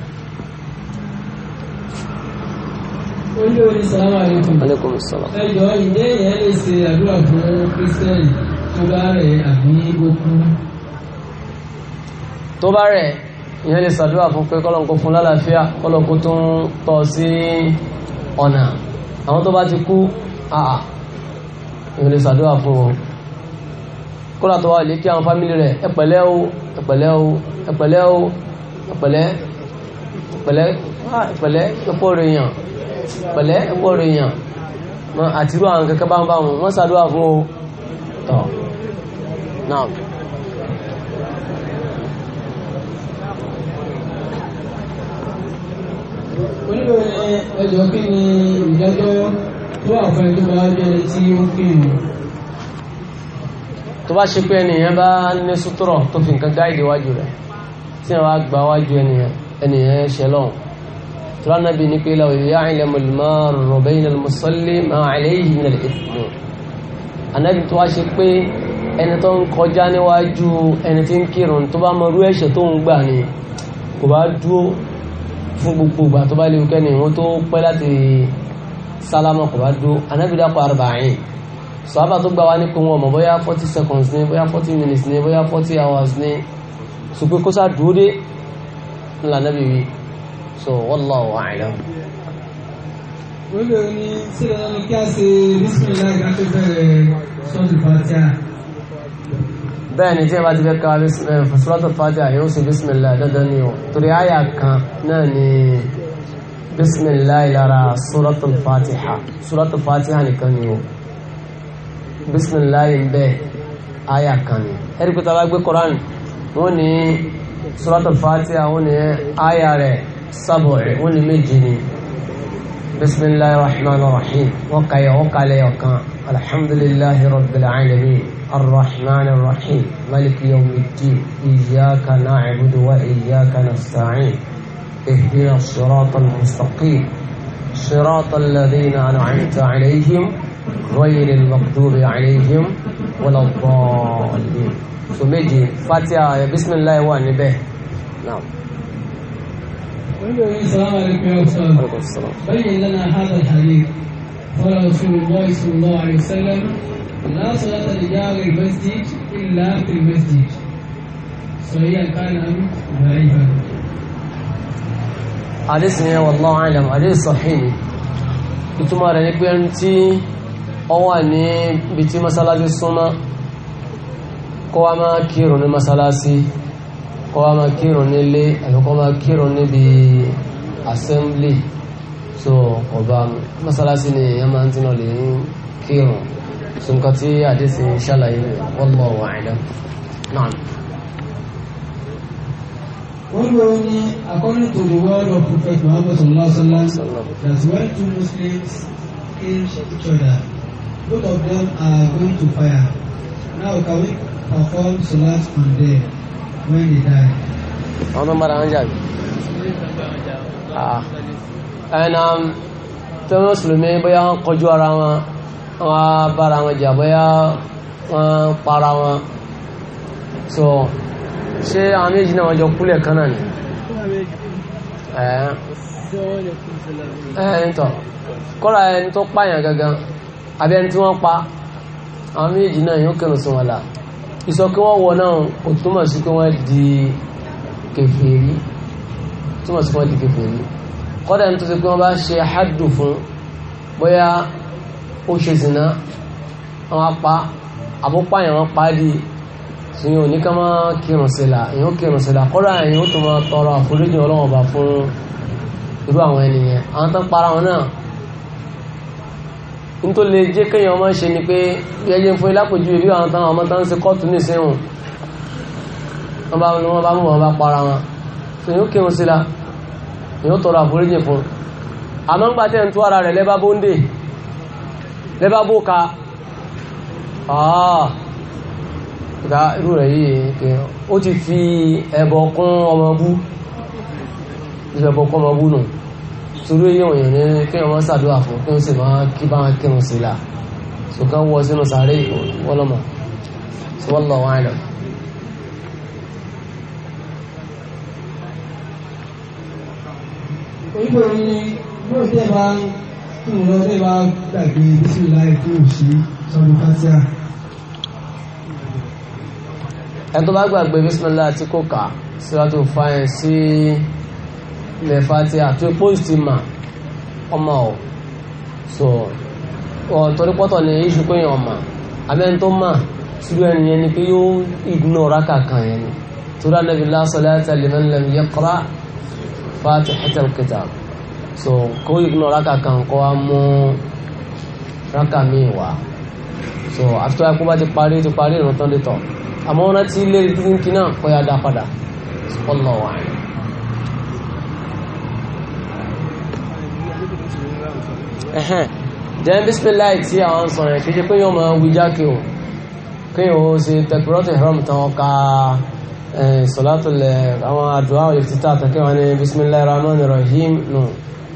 olórí salamu aleykum. aleykum salaam. ẹ jọ ìdí èèyàn lè ṣe àdúrà fún kristian tó bá rẹ̀ àbí gbogbo. tó bá rẹ̀ ìyẹn lè ṣàdúrà fún pé kọ́lọ́nkó fún lálàáfíà kọ́lọ́nkó tó ń tọ́ sí ọ̀nà àwọn tó bá ti kú àà ìyẹn lè ṣàdúrà fún wọn kọ́lá tó wà lè kí àwọn fámìlì rẹ̀ ẹ o ẹ o ẹ o pẹ̀lẹ́ pẹ̀lẹ́ pẹ̀lẹ́ ẹ̀pọ̀ rẹ̀ yàn pẹ̀lẹ́ ẹ̀pọ̀ rẹ̀ yàn àtìrú àwọn kẹ́kẹ́ bá ń bá wọn wọ́n ṣàdúrà fún o tọ̀ náà. onílò ẹjọ́ kí ni ìdájọ́ tó wà fún ẹjọ́ bá jẹ́ tí ó kí ni tó bá ṣe pé ẹnìyàn bá ní sútúrọ̀ tó fi nǹkan gáìdì rẹ̀ tí wọ́n á gba wájú ẹnìyàn ṣe lọ́wọ́ tó lánàá bí ní pé law ya'lamul maru bayna al-musalli ma alayhi min al-ithm anábì tó wá ṣe pé ẹni tó ń kọjá níwájú ẹni tí ń kírun tó bá mọrú ẹ̀ṣẹ̀ tó ń gbà ni kò bá dúró fún gbogbo ìgbà tó bá léwu kẹ́ni ìwọ́n tó pẹ́ láti sálámà kò bá dúró anábì dápọ̀ arba'in sọ́ábà tó gbà wá ní pé wọn mọ̀ bóyá forty seconds ní bóyá forty minutes ní bóyá forty hours ní ṣùgbọ́n kó sáà dúró dé ńlá nábì wí so wallahu a'lam. wọ́n lè ní sí ẹ̀rọ ní kí a ṣe bísímìlá ìgbàtí bẹ̀rẹ̀ sọ́ọ̀tù fàtíà. bẹ́ẹ̀ ni tí ẹ bá ti fẹ́ ka sọ́ọ̀tù fàtíà yóò ṣe bísímìlá dandan ni o torí àyà kan náà ni bísímìlá ìlara sọ́ọ̀tù fàtíà sọ́ọ̀tù fàtíà nìkan ni o bísímìlá yìí bẹ́ẹ̀ àyà kan ni ẹ̀rí pé tá a bá gbé Kùránì wọ́n ní suratul fatiha wọ́n ní àyà rẹ̀ sábọ̀ rẹ̀ wọ́n ní méjì ni bisimilahi rahman rahim wọ́n kàyẹ̀ wọ́n kàlẹ̀ ọ̀kan alhamdulilahi rabbil alamin arrahman rahim maliki yawmiddin iyyaka na'budu wa iyyaka nasta'in اهدنا الصراط المستقيم صراط الذين أنعمت عليهم غير المغضوب عليهم ولا الضالين so méje fatia bisimilayi wà níbẹ̀ náà. السلام عليكم يا أستاذ بين لنا هذا الحديث قال رسول الله صلى الله عليه وسلم لا صلاة لجار المسجد إلا في المسجد صحيح كان أم ضعيفا حديث ni والله أعلم حديث صحيح ìtumọ̀ rẹ̀ ni pé ẹni tí ó wà ní ibi tí mọ́sálásí súnmọ́ kó wá máa kírun ní masalasi kó wá máa kírun nílé àbí máa kírun níbi assembly so ọba masalasi ni èèyàn máa ń tí náà ń kírun so tí àdéhùn ṣàlàyé wallahu a'lam náà. Only according to the word of Prophet Muhammad sallallahu that when two Muslims kill each other, both of them are going to fire. Now can perform salat on them when they die? How many barangan jawi? Ah, and um, tí wọ́n mùsùlùmí bóyá wọ́n kọjú ara wọn wọ́n bára wọn jà bóyá wọ́n para wọn so ṣé àwọn méjì náà wọ́n jọ kúlẹ̀ kan náà ni ẹ̀ẹ́ ẹ̀ẹ́ tó kọ́ra ẹni tó pààyàn gangan àbí ẹni tí wọ́n pa àwọn méjì náà yóò kẹrùn sí wọn là ìsọ kí wọ́n wọ náà kò túmọ̀ sí pé wọ́n di kèfèrí túmọ̀ sí pé wọ́n di kèfèrí kọ́dà ní tó ṣe pé wọ́n bá ṣe hádù fún bóyá ó ṣe zìnà wọn apá àbúpá yẹn wọn pa á di ìyẹn òní ká máa kírun sí la ìyẹn ó kírun sí la kọ́dà ìyẹn ó tó máa tọrọ àforíjì ọlọ́wọ́n bá fún irú àwọn ènìyàn àwọn tó ń para wọn náà n tó lè jẹ́ kéèyàn ọmọ ṣe ni pé ẹjẹ́ fún ilápòjú ìbí àwọn táwọn ọmọ táwọn ń ṣe kọ́ọ̀tù nísìnyìí wọn bá wọn bá mú wọn bá para wọn tó yóò kírun sí la yóò tọrọ àforíjì fún àmọ́ ń gbàtẹ́ ń tú ara rẹ̀ lẹ́bá bóńdè lẹ́bá bóka ìgbà irú rẹ̀ yìí ó ti fi ẹbọ kún ọmọ bú ìfẹ̀bọ̀ kún ọmọ bú nù sùúrù yíyan èèyàn ní kí wọ́n ṣàdúrà fún kí wọ́n sì máa kí bá wọn kírun sí là ṣùgbọ́n wọ sínú sàárè wọ́lọ́mọ̀ ṣe wọ́n lọ wọ́n àìlọ́. onígbòrò ni yóò tẹ́ bá kí ni lọ́ọ́ tẹ́ bá gbàgbé sí láì tí ò sí sọ́dún kásíà. ẹ tó bá gbàgbé bísí lọ́la tí kò kà síwájú fáyẹn sí. Si ilẹ̀ fatia tó epo ìsì mà ọmọ ọ̀ so ọ̀tọ́rí pọ́tọ̀ ni iṣu pé yàn ọ̀mà abẹ́ni tó mà sílùú ẹni yẹn ni pé yóò ìdùnnà ọ̀rá kankan yẹn ni tó dá nàbí la salata liman lam yaqra fatihatal kitab so kó ìdùnnà ọ̀rá kankan kọ́ wa mú rákà míì wá so àtúntò ẹkú bá ti parí ti parí ìrántán lè tọ̀ àmọ́ rántí lè dínkì náà kọ́ ya dá padà ọlọ́wàá yẹn. ẹ̀hẹ́n then bismillah tí àwọn ń sọ̀rọ̀ kí ṣe pé yóò máa wí jákè o kí o ṣe tẹkùrọ́tì ìhọ́m tán ká sọ̀látùlẹ̀ àwọn àdúrà ìfitá àtàkẹ́ wọn ní bismillah rahman rahim nù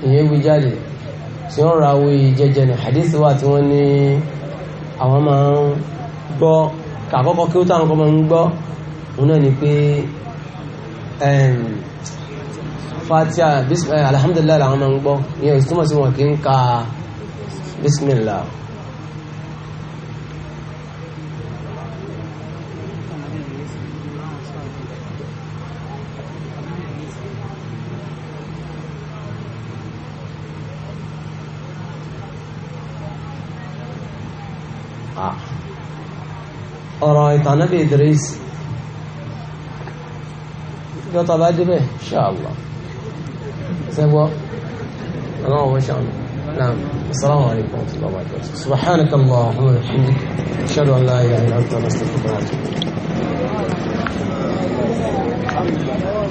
ìyẹn wí jáde tí wọ́n ra wí jẹjẹ ní hadith wà tí wọ́n ní àwọn máa ń gbọ́ kàkọ́kọ́ kí ó táwọn kọ́ máa ń gbọ́ fatiha alhamdulilayi làwọn máa ń gbọ́ ìyẹn ìtumọ̀ sí wọn kì í ka bisimilah. ọ̀rọ̀ ìtànàbí Idris yọ́ta bá débẹ̀ insha سبوا الله ما شاء الله نعم السلام عليكم ورحمة الله وبركاته سبحانك اللهم وبحمدك أشهد أن لا إله إلا أنت نستغفرك ونتوب